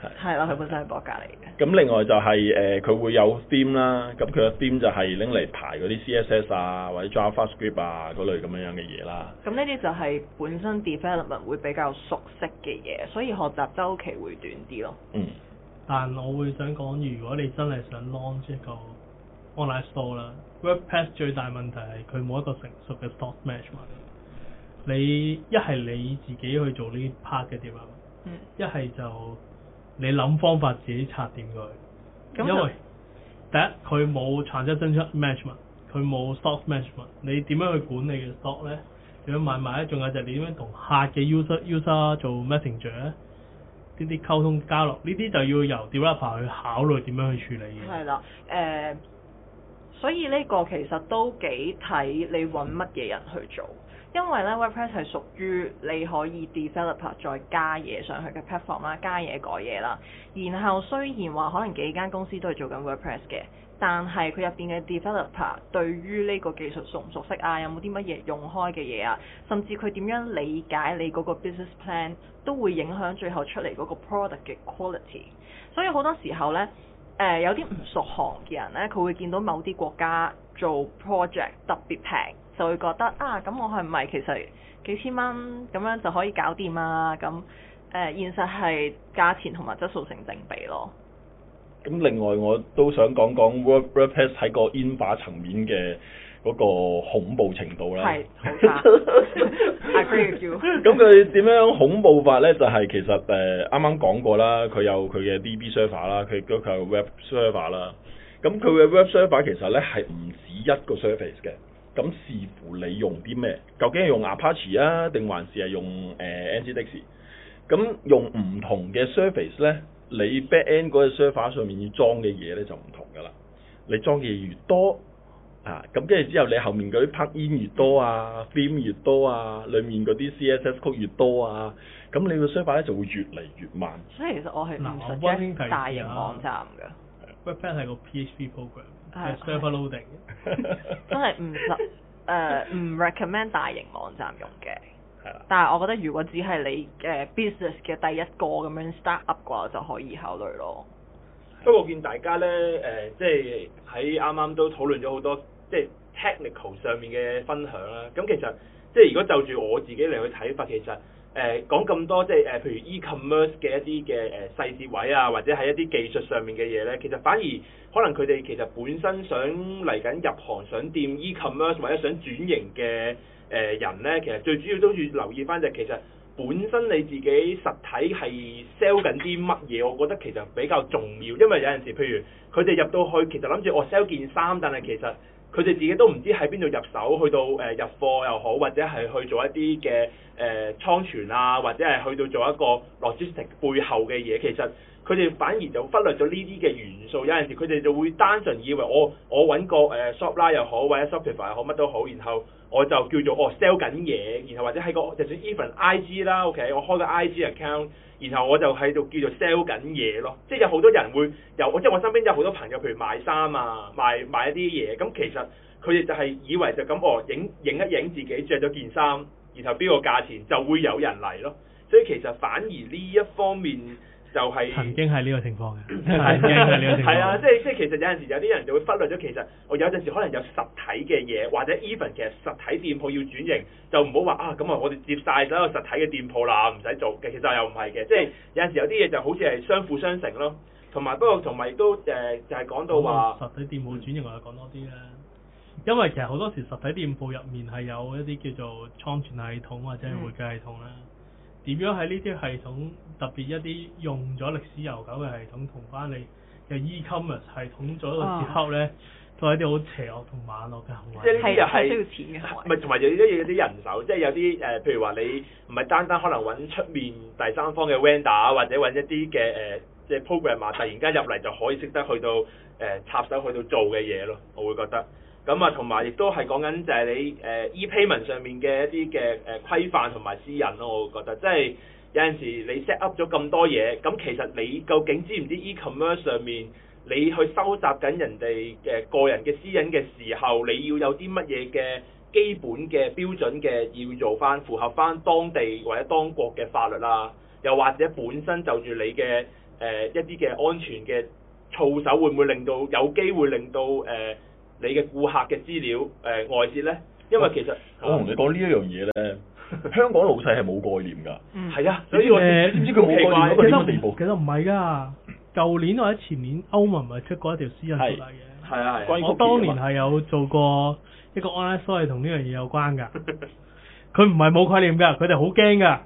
係係啦，佢本身係博格嚟嘅。咁、嗯、另外就係、是、誒，佢、呃、會有 theme 啦，咁佢嘅 theme 就係拎嚟排嗰啲 CSS 啊，或者 JavaScript 啊嗰類咁樣樣嘅嘢啦。咁呢啲就係本身 development 會比較熟悉嘅嘢，所以學習周期會短啲咯。嗯。但係我會想講，如果你真係想 launch 一個 online store 啦，WordPress 最大問題係佢冇一個成熟嘅 stock management。你一係你自己去做呢 part 嘅 development？嗯。一係就。你諗方法自己拆掂佢，因為第一佢冇 transaction management 佢冇 stock management 你點樣去管理嘅 stock 咧？點樣買賣咧？仲有就係你點樣同客嘅 user user 做 messenger 咧？呢啲溝通交流呢啲就要由 developer 去考慮點樣去處理嘅。係啦，誒、呃，所以呢個其實都幾睇你揾乜嘢人去做。因為咧，WordPress 係屬於你可以 developer 再加嘢上去嘅 platform 啦，加嘢改嘢啦。然後雖然話可能幾間公司都係做緊 WordPress 嘅，但係佢入邊嘅 developer 對於呢個技術熟唔熟悉啊？有冇啲乜嘢用開嘅嘢啊？甚至佢點樣理解你嗰個 business plan 都會影響最後出嚟嗰個 product 嘅 quality。所以好多時候呢，誒、呃、有啲唔熟行嘅人呢，佢會見到某啲國家做 project 特別平。就會覺得啊，咁我係唔係其實幾千蚊咁樣就可以搞掂啊？咁誒、呃，現實係價錢同埋質素成正比咯。咁另外我都想講講 WebRepairs 喺個 Infra 層面嘅嗰個恐怖程度咧。係。係。 I agree with you. 咁佢點樣恐怖法呢？就係、是、其實誒，啱啱講過啦，佢有佢嘅 DB server 啦，佢佢佢個 Web server 啦。咁佢嘅 Web server 其實呢，係唔止一個 surface 嘅。咁視乎你用啲咩，究竟係用 Apache 啊，定還是係用誒 n g d c x 咁用唔同嘅 s u r f a c e 咧，你 back end 嗰個 server 上面要裝嘅嘢咧就唔同噶啦。你裝嘢越多啊，咁跟住之後你後面嗰啲 pack in 越多啊、嗯、f i l m 越多啊，裡面嗰啲 CSS 曲越多啊，咁你個 server 咧就會越嚟越慢。所以其實我係唔 s 大型網站㗎。b a c e n 個 PHP program。server loading 真係唔得誒，唔、 uh, recommend 大型網站用嘅。係啊，但係我覺得如果只係你嘅、uh, business 嘅第一個咁樣 start up 嘅話，就可以考慮咯。不過見大家咧誒、uh, 就是，即係喺啱啱都討論咗好多即係 technical 上面嘅分享啦。咁其實即係如果就住我自己嚟去睇法，其實～誒講咁多即係誒，譬如 e-commerce 嘅一啲嘅誒細節位啊，或者係一啲技術上面嘅嘢呢，其實反而可能佢哋其實本身想嚟緊入行、想掂 e-commerce 或者想轉型嘅誒人呢，其實最主要都要留意翻就係，其實本身你自己實體係 sell 緊啲乜嘢，我覺得其實比較重要，因為有陣時譬如佢哋入到去，其實諗住我 sell 件衫，但係其實。佢哋自己都唔知喺邊度入手，去到誒、呃、入貨又好，或者係去做一啲嘅誒倉存啊，或者係去到做一個 logistics 背後嘅嘢。其實佢哋反而就忽略咗呢啲嘅元素。有陣時佢哋就會單純以為我我揾個誒 shop 啦又好，或者 Shopify 又好乜都好，然後我就叫做我 sell 緊嘢，然後或者喺個就算 even IG 啦 OK，我開個 IG account。然後我就喺度叫做 sell 緊嘢咯，即係有好多人會有，即係我身邊有好多朋友，譬如賣衫啊、賣賣一啲嘢，咁其實佢哋就係以為就咁哦，影影一影自己着咗件衫，然後標個價錢就會有人嚟咯，所以其實反而呢一方面。就係曾經係呢個情況嘅， 曾經係呢個情況 係啊，即係即係其實有陣時有啲人就會忽略咗，其實我有陣時可能有實體嘅嘢，或者 even 其實實體店鋪要轉型，就唔好話啊咁啊，啊我哋接晒所有實體嘅店鋪啦，唔使做嘅。其實又唔係嘅，即係有陣時有啲嘢就好似係相輔相成咯。同埋不過同埋都誒、呃、就係、是、講到話實體店鋪轉型，我哋講多啲啦。因為其實好多時實體店鋪入面係有一啲叫做倉存系統或者係會計系統啦。嗯點樣喺呢啲系統，特別一啲用咗歷史悠久嘅系統同翻你嘅 e-commerce 系統咗嘅時候咧，都係一啲好邪落同慢落嘅行為係。即係呢啲又係需要錢嘅是。唔係，同埋有啲啲人手， 即係有啲誒、呃，譬如話你唔係單單可能揾出面第三方嘅 vendor 啊，或者揾一啲嘅誒即係 programmer，突然間入嚟就可以識得去到誒、呃、插手去到做嘅嘢咯，我會覺得。咁啊，同埋亦都係講緊就係你誒、uh, e-payment 上面嘅一啲嘅誒規範同埋私隱咯，我覺得即係有陣時你 set up 咗咁多嘢，咁其實你究竟知唔知 e-commerce 上面你去收集緊人哋嘅個人嘅私隱嘅時候，你要有啲乜嘢嘅基本嘅標準嘅要做翻符合翻當地或者當國嘅法律啦、啊，又或者本身就住你嘅誒、uh, 一啲嘅安全嘅措手會唔會令到有機會令到誒，Uh, 你嘅顧客嘅資料，誒外泄咧，因為其實我同你講呢一樣嘢咧，香港老細係冇概念㗎。嗯。係啊，所以我唔知佢冇概念。其實其實唔係㗎，舊年或者前年歐盟咪出過一條私隱條例嘅。係啊係。我當年係有做過一個 online survey 同呢樣嘢有關㗎。佢唔係冇概念㗎，佢哋好驚㗎，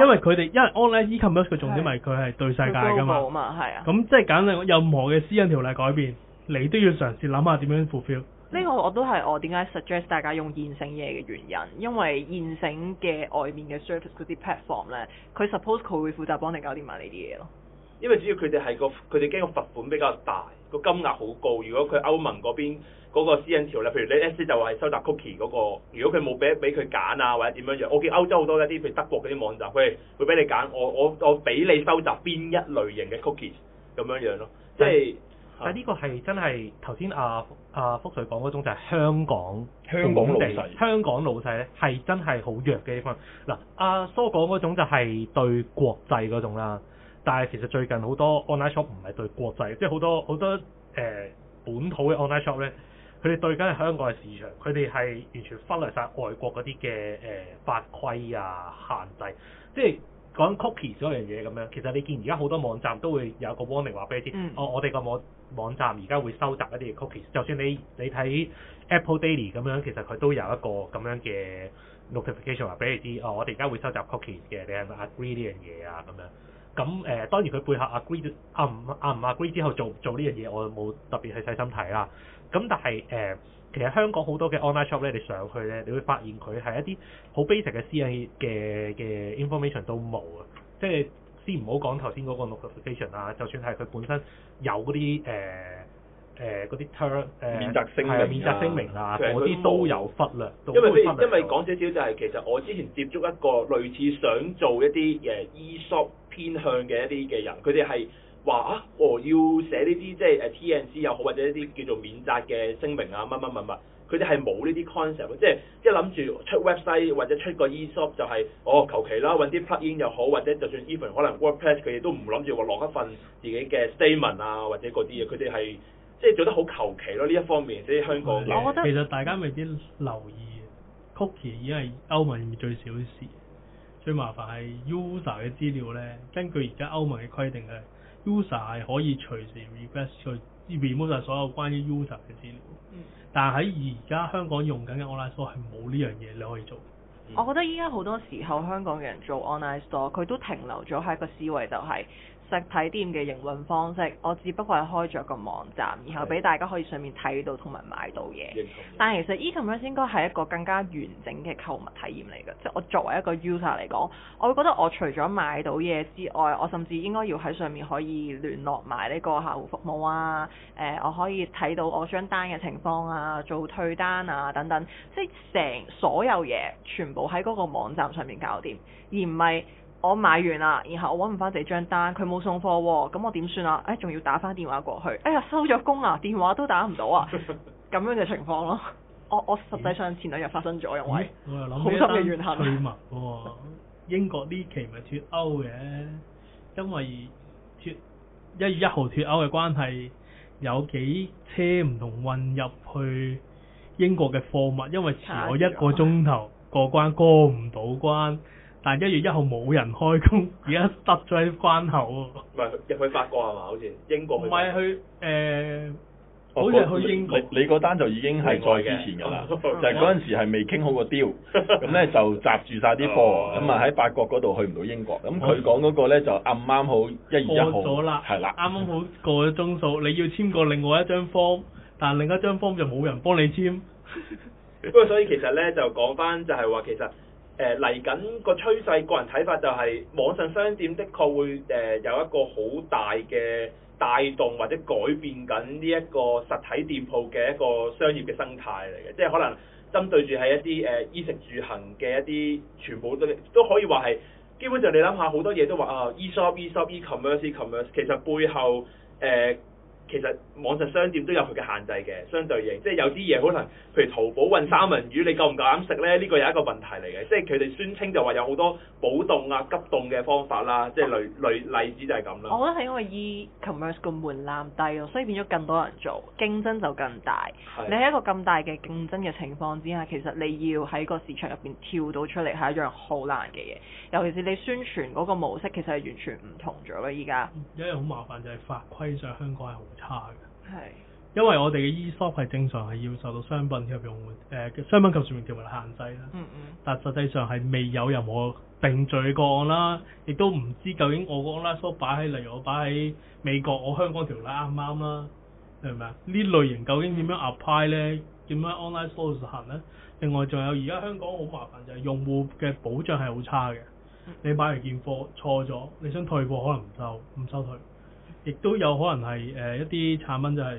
因為佢哋因為 online e-commerce 佢重點咪佢係對世界㗎嘛。廣告嘛係啊。咁即係簡歷任何嘅私隱條例改變。你都要嘗試諗下點樣 fulfill，呢個我都係我點解 suggest 大家用現成嘢嘅原因，因為現成嘅外面嘅 surface 嗰啲 platform 咧，佢 suppose 佢會負責幫你搞掂埋呢啲嘢咯。因為主要佢哋係個佢哋驚個罰款比較大，個金額好高。如果佢歐盟嗰邊嗰個私隱條例，譬如你 S C 就話係收集 cookie 嗰個，如果佢冇俾俾佢揀啊，或者點樣樣，我見歐洲好多一啲譬如德國嗰啲網站，佢會俾你揀，我我我俾你收集邊一類型嘅 cookie 咁樣樣咯，即係。但呢個係真係頭先阿阿福瑞講嗰種就係香港香港地香港老細咧，係真係好弱嘅地方。嗱阿蘇講嗰種就係對國際嗰種啦。但係其實最近好多 online shop 唔係對國際，即係好多好多誒、呃、本土嘅 online shop 咧，佢哋對緊係香港嘅市場，佢哋係完全忽略晒外國嗰啲嘅誒法規啊限制，即係講 cookie 所有樣嘢咁樣。其實你見而家好多網站都會有一個 warning 話俾你知、嗯哦，我我哋個網。網站而家會收集一啲嘅 cookies，就算你你睇 Apple Daily 咁樣，其實佢都有一個咁樣嘅 notification 話俾你知哦，我哋而家會收集 cookies 嘅，你係咪 agree 呢樣嘢啊？咁樣咁誒、呃，當然佢背後 agree 啊唔啊唔 agree 之後做做呢樣嘢，我冇特別去細心睇啦。咁但係誒、呃，其實香港好多嘅 online shop 咧，你上去咧，你會發現佢係一啲好 basic 嘅私隱嘅嘅 information 都冇啊，即係。啲唔好講頭先嗰個 notification 啊，就算係佢本身有嗰啲誒誒嗰啲 term 誒，免責聲明啊，嗰啲都有忽略。因為都因為講少少就係、是、其實我之前接觸一個類似想做一啲誒、呃、ESOP 偏向嘅一啲嘅人，佢哋係話啊，我、哦、要寫呢啲即係誒 TNC 又好，或者一啲叫做免責嘅聲明啊，乜乜乜乜。」佢哋係冇呢啲 concept，即係一諗住出 website 或者出個 e-shop 就係、是、哦求其啦，揾啲 plugin 又好，或者就算 even 可能 WordPress 佢哋都唔諗住話落一份自己嘅 statement 啊或者嗰啲嘢，佢哋係即係做得好求其咯呢一方面，即係香港、嗯。我覺得其實大家未必留意，cookie 已經係歐盟最少嘅事，最麻煩係 user 嘅資料咧。根據而家歐盟嘅規定係，user 係可以隨時 request 佢 remove 曬所有關於 user 嘅資料。嗯。但喺而家香港用緊嘅 online store 係冇呢樣嘢你可以做。嗯、我覺得依家好多時候香港人做 online store，佢都停留咗喺一個思維就係、是。實體店嘅營運方式，我只不過係開咗個網站，然後俾大家可以上面睇到同埋買到嘢。但係其實 E-commerce 應該係一個更加完整嘅購物體驗嚟嘅。即係我作為一個 user 嚟講，我會覺得我除咗買到嘢之外，我甚至應該要喺上面可以聯絡埋呢個客戶服務啊，誒、呃，我可以睇到我張單嘅情況啊，做退單啊等等，即係成所有嘢全部喺嗰個網站上面搞掂，而唔係。我買完啦，然後我揾唔翻第二張單，佢冇送貨喎、哦，咁我點算啊？誒、哎，仲要打翻電話過去，哎呀，收咗工啊，電話都打唔到啊，咁 樣嘅情況咯。我我實際上前兩日發生咗，嗯、因為好深嘅怨恨。貨物喎，英國呢期咪脱歐嘅，因為脱一月一號脱歐嘅關係，有幾車唔同運入去英國嘅貨物，因為遲我一個鐘頭過關過唔到關。但一月一號冇人開工，而家塞咗喺關口喎。唔係入去法國係嘛？好似英國。唔係去誒，好似去英國。你嗰單就已經係再之前㗎啦，就係嗰陣時係未傾好個 deal，咁咧就攬住晒啲貨，咁啊喺法國嗰度去唔到英國。咁佢講嗰個咧就啱啱好一月一號，係啦，啱啱好過咗鐘數。你要簽個另外一張 form，但另一張 form 就冇人幫你簽。不過所以其實咧就講翻就係話其實。嚟緊個趨勢，個人睇法就係、是、網上商店的確會誒有一個好大嘅帶動或者改變緊呢一個實體店鋪嘅一個商業嘅生態嚟嘅，即係可能針對住喺一啲誒、呃、衣食住行嘅一啲，全部都都可以話係基本上你諗下好多嘢都話啊 e shop e shop e commerce e, commerce, e commerce，其實背後誒。呃其實網上商店都有佢嘅限制嘅，相對應，即係有啲嘢可能，譬如淘寶運三文魚，你夠唔夠膽食呢？呢、這個有一個問題嚟嘅，即係佢哋宣稱就話有好多保凍啊、急凍嘅方法啦，即係類類例子就係咁啦。我覺得係因為 e-commerce 個門檻低咯，所以變咗更多人做，競爭就更大。的你喺一個咁大嘅競爭嘅情況之下，其實你要喺個市場入邊跳到出嚟係一樣好難嘅嘢，尤其是你宣傳嗰個模式其實係完全唔同咗嘅。依家，有一樣好麻煩就係、是、法規上香港係好差嘅，係因為我哋嘅 eShop 係正常係要受到商品入用誒嘅、呃、商品級別嘅限制啦。嗯嗯。但實際上係未有任何定罪個案啦，亦都唔知究竟我個 online shop 擺喺嚟，我擺喺美國，我香港條例啱唔啱啦？係咪啊？呢類型究竟點 app、嗯、樣 apply 咧？點樣 online source 行咧？另外仲有而家香港好麻煩就係、是、用戶嘅保障係好差嘅。嗯、你買嚟件貨錯咗，你想退貨可能就唔收，唔收退。亦都有可能係誒一啲產品就係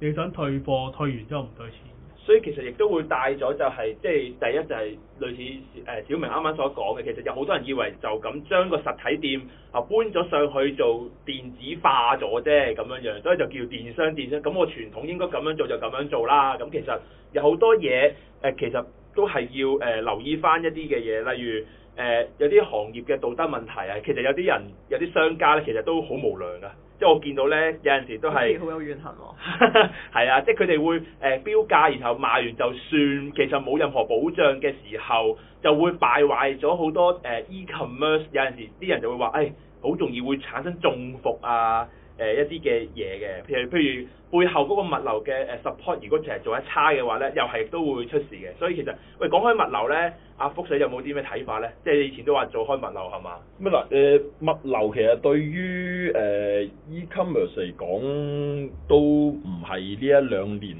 你想退貨，退完之後唔退錢。所以其實亦都會帶咗就係即係第一就係類似誒小明啱啱所講嘅，其實有好多人以為就咁將個實體店啊搬咗上去做電子化咗啫咁樣樣，所以就叫電商電商。咁我傳統應該咁樣做就咁樣做啦。咁其實有好多嘢誒，其實都係要誒留意返一啲嘅嘢，例如。誒、呃、有啲行業嘅道德問題啊，其實有啲人有啲商家咧，其實都好無良噶，即係我見到咧，有陣時都係好有怨恨喎。係 啊，即係佢哋會誒、呃、標價，然後賣完就算，其實冇任何保障嘅時候，就會敗壞咗好多誒依、呃 e、Commerce。 有陣時啲人就會話，誒、哎、好容易會產生中伏啊。誒、呃、一啲嘅嘢嘅，譬如譬如背後嗰個物流嘅誒 support，如果淨係做得差嘅話咧，又係都會出事嘅。所以其實喂，講開物流咧，阿、啊、福仔有冇啲咩睇法咧？即係你以前都話做開物流係嘛？咩嗱？誒、呃、物流其實對於誒、呃、e-commerce 嚟講，都唔係呢一兩年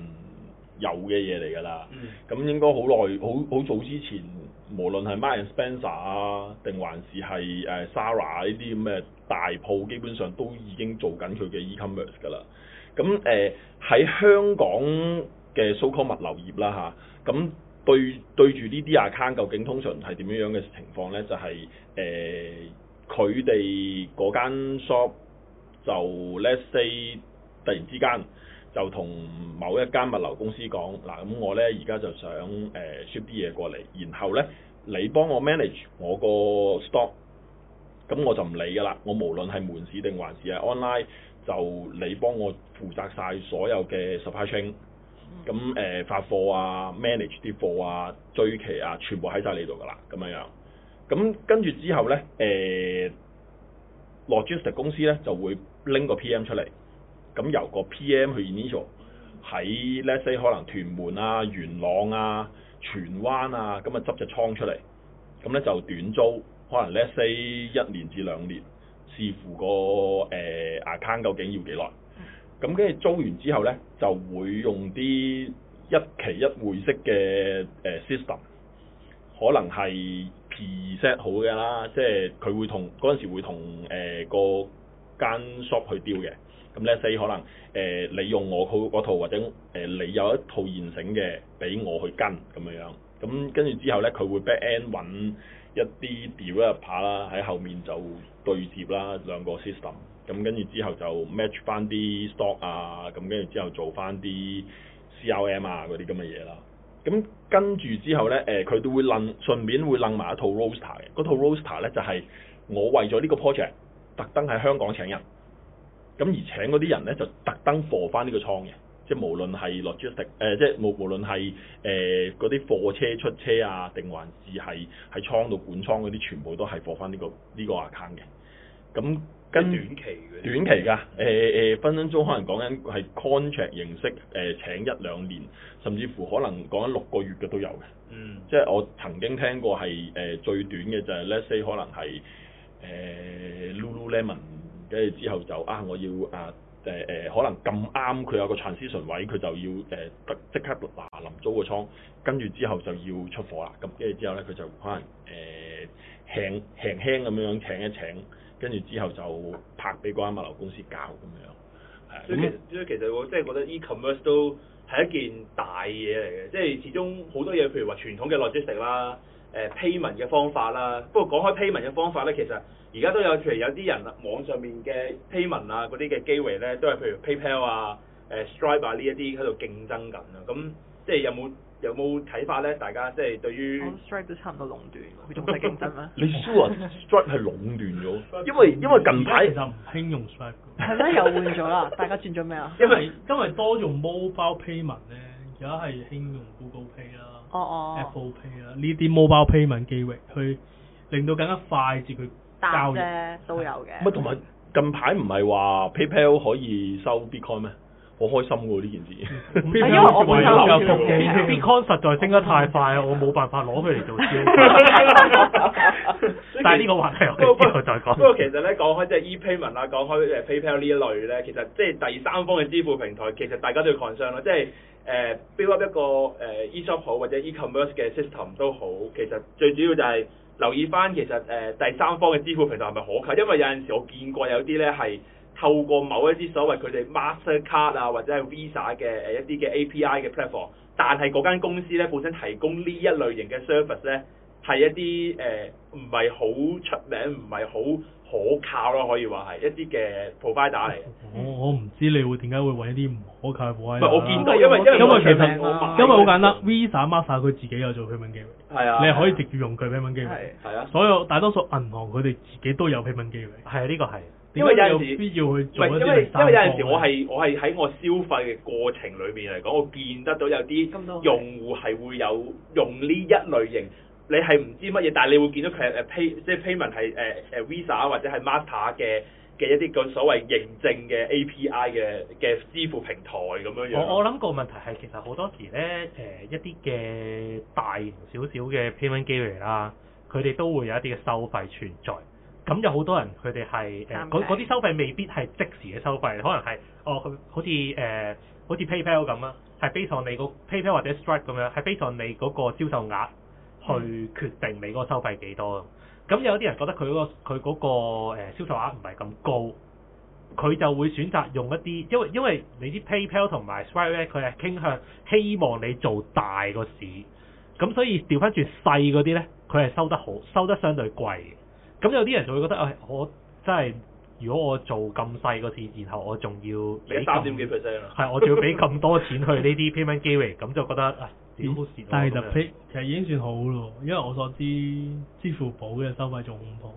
有嘅嘢嚟㗎啦。嗯。咁應該好耐，好好早之前。無論係 Marks & Spencer 啊，定還是係誒 Zara 呢啲咁嘅大鋪，基本上都已經做緊佢嘅 e-commerce 㗎啦。咁誒喺香港嘅 so-called 物流業啦嚇，咁、啊、對對住呢啲 account，究竟通常係點樣樣嘅情況咧？就係誒佢哋嗰間 shop 就 let's say 突然之間。就同某一間物流公司講，嗱，咁我咧而家就想誒 ship 啲嘢過嚟，然後咧你幫我 manage 我個 stock，咁我就唔理㗎啦，我無論係門市定還是係 online，就你幫我負責晒所有嘅 supply chain，咁誒、呃、發貨啊，manage 啲貨啊，追期啊，全部喺晒你度㗎啦，咁樣樣，咁跟住之後咧，誒、呃、Logistics 公司咧就會拎個 PM 出嚟。咁由個 PM 去 initial 喺 Let's say 可能屯門啊、元朗啊、荃灣啊，咁啊執隻倉出嚟，咁咧就短租，可能 Let's say 一年至兩年，視乎個誒、呃、account 究竟要幾耐。咁跟住租完之後咧，就會用啲一,一期一會式嘅誒、呃、system，可能係 preset 好嘅啦，即係佢會同嗰陣時會同誒、呃、個。間 shop 去雕嘅。咁咧 say 可能誒、呃、你用我套嗰套或者誒、呃、你有一套現成嘅俾我去跟咁樣樣，咁跟住之後咧，佢會 back end 揾一啲 developer 啦，喺後面就對接啦兩個 system，咁跟住之後就 match 翻啲 stock 啊，咁跟住之後做翻啲 CRM 啊嗰啲咁嘅嘢啦，咁跟住之後咧誒佢都會楞順便會楞埋一套 roster 嘅，嗰套 roster 咧就係、是、我為咗呢個 project。特登喺香港請人，咁而請嗰啲人咧就特登貨翻呢個倉嘅，即係無論係 logistics，誒、呃、即係無無論係誒嗰啲貨車出車啊，定還是係喺倉度管倉嗰啲，全部都係貨翻呢個呢、呢個 account 嘅。咁、嗯、跟著短期嘅。短期㗎，誒、呃、誒、呃、分分鐘可能講緊係 contract 形式，誒、呃、請一兩年，甚至乎可能講緊六個月嘅都有嘅。嗯。即係我曾經聽過係誒、呃、最短嘅就係、是、Let's say 可能係。誒 Lulu Lemon，跟住之後就啊，我要啊誒誒，可能咁啱佢有個 transition 位，佢就要誒即、啊、刻嗱臨租個倉，跟住之後就要出貨啦。咁跟住之後咧，佢就可能誒輕輕輕咁樣請一請，跟住之後就拍俾嗰間物流公司搞咁樣。啊、所以其實，那其實我即係覺得 e-commerce 都係一件大嘢嚟嘅，即係始終好多嘢，譬如話傳統嘅 logistics 啦。呃、Payment 嘅方法啦，不過講開 Payment 嘅方法咧，其實而家都有譬如有啲人網上面嘅 Payment 啊，嗰啲嘅 gateway 咧，都係譬如 PayPal 啊、誒、呃、Stripe 啊呢一啲喺度競爭緊啊，咁、嗯、即係有冇有冇睇法咧？大家即係對於、哦、Stripe 都差唔多壟斷，佢仲喺度競爭啊！ 你 Sure Stripe 係壟斷咗， 因為因為近排其實唔興用 Stripe，係咯？ 又換咗啦，大家轉咗咩啊？因為因為多用 mobile Payment 咧。 而家係興用 Google Pay 啦、Apple Pay 啦，呢啲 mobile payment 技術去令到更加快捷佢交易都有嘅。乜同埋近排唔係話 PayPal 可以收 Bitcoin 咩？好開心喎呢件事。因為我本身有個 Bitcoin 實在升得太快，我冇辦法攞佢嚟做交易。但係呢個話題我哋後之再講。不過其實咧，講開即係 e-payment 啦，講開誒 PayPal 呢一類咧，其實即係第三方嘅支付平台，其實大家都要 concern 咯，即係。誒、uh, build up 一個誒、uh, e shop 好或者 e commerce 嘅 system 都好，其實最主要就係留意返其實誒、uh, 第三方嘅支付平台係咪可靠，因為有陣時我見過有啲咧係透過某一啲所謂佢哋 master card 啊或者係 visa 嘅誒、uh, 一啲嘅 API 嘅 platform，但係嗰間公司咧本身提供呢一類型嘅 service 咧係一啲誒唔係好出名唔係好。可，可靠咯，可以話係一啲嘅 provider 嚟。我我唔知你會點解會揾一啲唔可靠嘅 provider。唔我見到，因為因為，因為其實因為好簡單，Visa Master 佢自己有做 payment gateway，你係可以直接用佢 payment gateway。係啊。所有大多數銀行佢哋自己都有 payment gateway。係啊，呢個係。因為有陣時必要去做因為因為有陣時我係我係喺我消費嘅過程裏面嚟講，我見得到有啲用戶係會有用呢一類型。你係唔知乜嘢，但係你會見到佢係誒 pay，即係 payment 係誒誒、呃啊、Visa 或者係 Master 嘅嘅一啲個所謂認證嘅 API 嘅嘅支付平台咁樣樣。我我諗個問題係其實好多時咧誒、呃、一啲嘅大型少少嘅 payment gateway 啦，佢哋都會有一啲嘅收費存在。咁有好多人佢哋係誒，嗰啲、呃、收費未必係即時嘅收費，可能係哦佢好似誒、呃、好似 PayPal 咁啊，係 base on 你個 PayPal 或者 Stripe 咁樣，係 base on 你嗰個銷售額。去決定你嗰個收費幾多。咁有啲人覺得佢嗰、嗰個佢嗰個誒銷售額唔係咁高，佢就會選擇用一啲，因為因為你啲 PayPal 同埋 Square 佢係傾向希望你做大個市，咁所以調翻轉細嗰啲呢，佢係收得好收得相對貴。咁有啲人就會覺得，唉、哎，我真係如果我做咁細個市，然後我仲要俾三點幾 percent，係我仲要俾咁多錢去呢啲 payment gateway，咁就覺得啊。但係就 Pay，其實已經算好咯，因為我所知，支付寶嘅收費仲恐怖。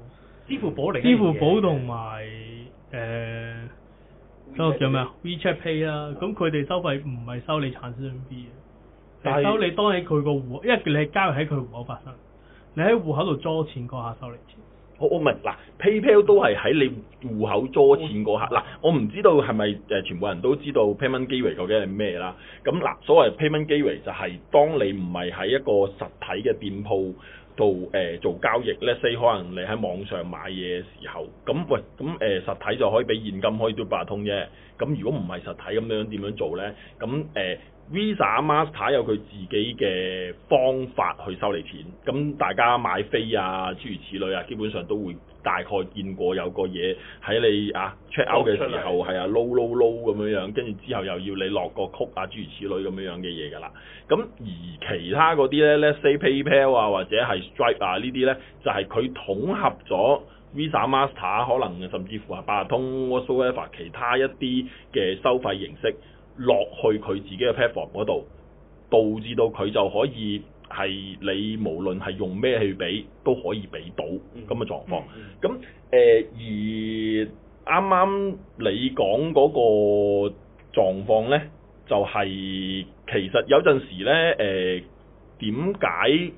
支付寶嚟支付寶同埋誒，嗰、呃、個 We Chat 叫咩 We 啊？WeChat Pay 啦，咁佢哋收費唔係收你產生費嘅，係是收你當喺佢個戶，因為你係交易喺佢戶口發生，你喺戶口度攞錢嗰下收你錢。我我明，嗱，PayPal 都係喺你戶口多錢嗰刻，我唔知道係咪誒全部人都知道 Payment Gateway 究竟係咩啦？咁嗱，所謂 Payment Gateway 就係當你唔係喺一個實體嘅店鋪度誒做交易咧，四可能你喺網上買嘢嘅時候，咁喂咁誒、呃、實體就可以俾現金可以嘟八達通啫，咁如果唔係實體咁樣點樣做咧？咁誒？呃 Visa、Master 有佢自己嘅方法去收你錢，咁大家買飛啊，諸如此類啊，基本上都會大概見過有個嘢喺你啊，啊 check out 嘅時候係啊撈撈撈咁樣樣，跟住之後又要你落個曲啊諸如此類咁樣樣嘅嘢㗎啦。咁而其他嗰啲咧，let’s say PayPal 啊或者係 Stripe 啊呢啲咧，就係佢統合咗 Visa、Master 可能甚至乎係八達通、whatsoever 其他一啲嘅收費形式。落去佢自己嘅 platform 嗰度，導致到佢就可以係你無論係用咩去俾都可以俾到咁嘅狀況。咁誒、嗯呃，而啱啱你講嗰個狀況呢，就係、是、其實有陣時呢，誒、呃，點解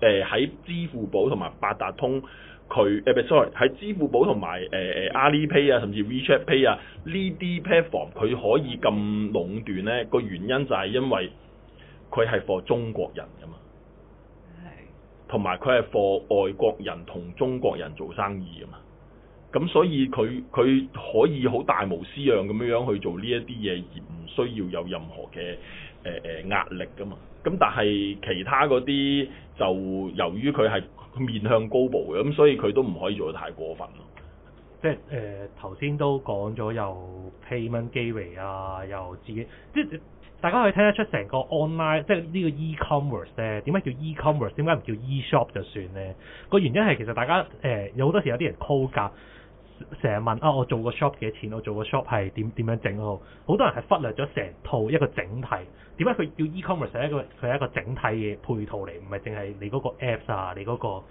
誒喺支付寶同埋八達通？佢誒、欸、sorry，喺支付寶同埋誒誒阿里 Pay 啊，呃、Pay，甚至 WeChat Pay 啊，呢啲 platform 佢可以咁壟斷呢個原因就係因為佢係 for 中國人噶嘛，同埋佢係 for 外國人同中國人做生意噶嘛，咁所以佢佢可以好大無私樣咁樣樣去做呢一啲嘢，而唔需要有任何嘅誒誒壓力噶嘛，咁但係其他嗰啲。就由於佢係面向高部嘅，咁所以佢都唔可以做得太過分咯。即係誒頭先都講咗，又 payment gateway 啊，又自己，即係大家可以睇得出成個 online，即係、e、呢個 e-commerce 咧，點解叫 e-commerce？點解唔叫 e-shop 就算咧？個原因係其實大家誒、呃、有好多時有啲人 call 溝隔。成日問啊！我做個 shop 幾錢？我做個 shop 係點點樣整好？好多人係忽略咗成套一個整體。點解佢叫 e-commerce 係一個佢係一個整體嘅配套嚟？唔係淨係你嗰個 apps 啊，你嗰個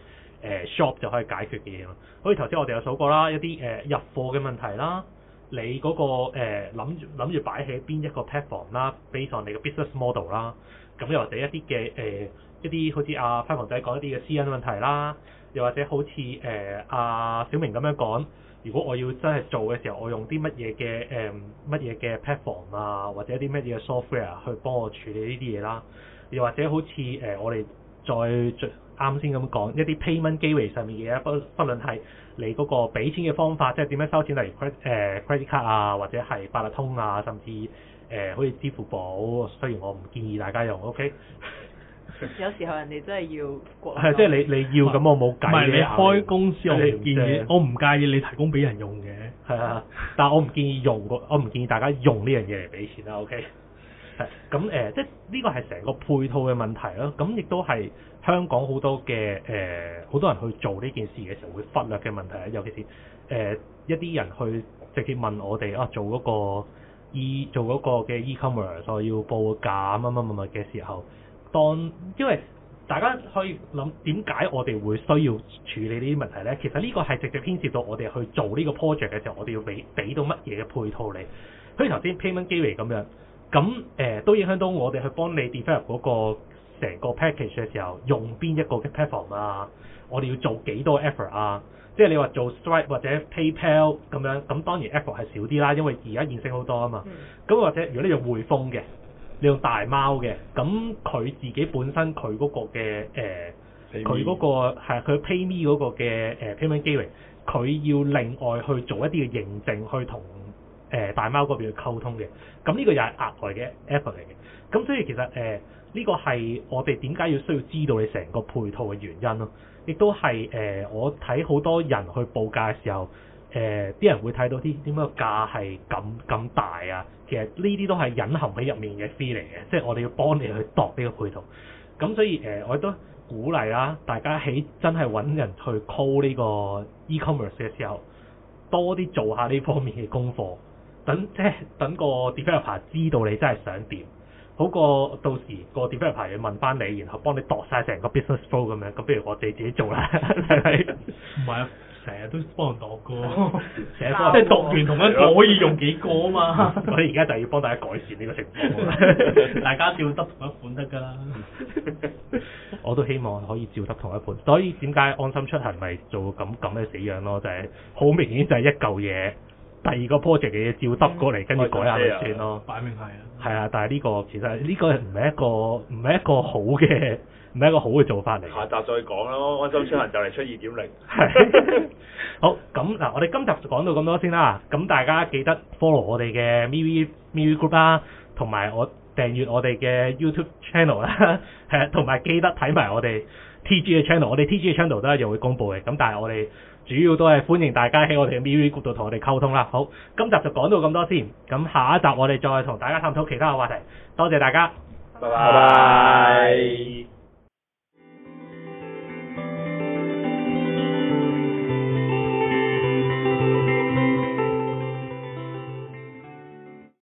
shop 就可以解決嘅嘢咯。好似頭先我哋有數過啦，一啲誒、呃、入貨嘅問題啦，你嗰、那個誒諗住諗住擺喺邊一個 platform 啦，base on 你嘅 business model 啦，咁又或者一啲嘅誒一啲好似阿輝華仔講一啲嘅私隱問題啦，又或者好似誒阿小明咁樣講。如果我要真係做嘅時候，我用啲乜嘢嘅誒乜嘢嘅 platform 啊，或者啲乜嘢 software 去幫我處理呢啲嘢啦，又或者好似誒、呃、我哋再最啱先咁講一啲 payment gateway 上面嘅嘢啊，不不論係你嗰個俾錢嘅方法，即係點樣收錢，例如 credit、呃、credit card 啊，或者係八達通啊，甚至誒、呃、好似支付寶，雖然我唔建議大家用，OK？ 有時候人哋真係要國內，即、就、係、是、你你要，咁我冇計，唔係你開公司你我唔建議，話我唔介意你提供俾人用嘅，係啊， 但係我唔建議用，我唔建議大家用呢樣嘢嚟俾錢啦，OK？係，咁、嗯、誒、呃，即係呢個係成個配套嘅問題咯，咁、嗯嗯嗯、 亦都係香港好多嘅誒，好、呃、多人去做呢件事嘅時候會忽略嘅問題，尤其是誒、呃、一啲人去直接問我哋啊做嗰個 e 做嗰個嘅 e-commerce 要報價乜乜乜嘅時候。當因為大家可以諗點解我哋會需要處理呢啲問題咧？其實呢個係直接牽涉到我哋去做呢個 project 嘅時候，我哋要俾俾到乜嘢嘅配套你。好似頭先 payment gateway 咁樣，咁誒、呃、都影響到我哋去幫你 develop 嗰個成個 package 嘅時候，用邊一個 platform 啊？我哋要做幾多 effort 啊？即、就、係、是、你話做 Stripe 或者 PayPal 咁樣，咁當然 effort 係少啲啦，因為而家現成好多啊嘛。咁、嗯、或者如果你要匯豐嘅。你用大貓嘅，咁佢自己本身佢嗰個嘅誒，佢、呃、嗰個係佢 PayMe 嗰個嘅誒、呃、payment gateway，佢要另外去做一啲嘅認證，去同誒、呃、大貓嗰邊溝通嘅。咁、嗯、呢個又係額外嘅 effort 嚟嘅。咁、嗯、所以其實誒，呢個係我哋點解要需要知道你成個配套嘅原因咯，亦都係誒我睇好多人去報價嘅時候。誒啲、呃、人會睇到啲點解個價係咁咁大啊？其實呢啲都係隱含喺入面嘅 fee 嚟嘅，即係我哋要幫你去度呢個配套。咁所以誒、呃，我亦都鼓勵啦，大家喺真係揾人去 call 呢個 e-commerce 嘅時候，多啲做下呢方面嘅功課。等即係等個 developer 知道你真係想點，好過到時個 developer 要問翻你，然後幫你度晒成個 business flow 咁樣。咁不如我哋自，自己做啦，係咪？唔係啊。成日都幫人度歌，成日幫人讀 即係度完同一個可以用幾個啊嘛！ 我哋而家就要幫大家改善呢個情況， 大家照得同一款得㗎啦。 我都希望可以照得同一款，所以點解安心出行咪做咁咁嘅死樣咯？就係、是、好明顯就係一嚿嘢，第二個 project 嘅嘢照得過嚟，跟住、嗯、改下佢先咯。啊、擺明係啊，係啊，但係呢、呢個其實呢個唔係一個唔係一個好嘅。唔係一個好嘅做法嚟。下集再講咯，安心出行就嚟出二點零。係，好，咁嗱，我哋今集就講到咁多先啦。咁大家記得 follow 我哋嘅 MiV MiV Group 啦、啊，同埋我訂閱我哋嘅 YouTube Channel 啦、啊，係，同埋記得睇埋我哋 TG 嘅 Channel。我哋 TG 嘅 Channel 都一樣會公布嘅。咁但係我哋主要都係歡迎大家喺我哋嘅 MiV Group 度同我哋溝通啦。好，今集就講到咁多先。咁下一集我哋再同大家探討其他嘅話題。多謝大家，拜拜。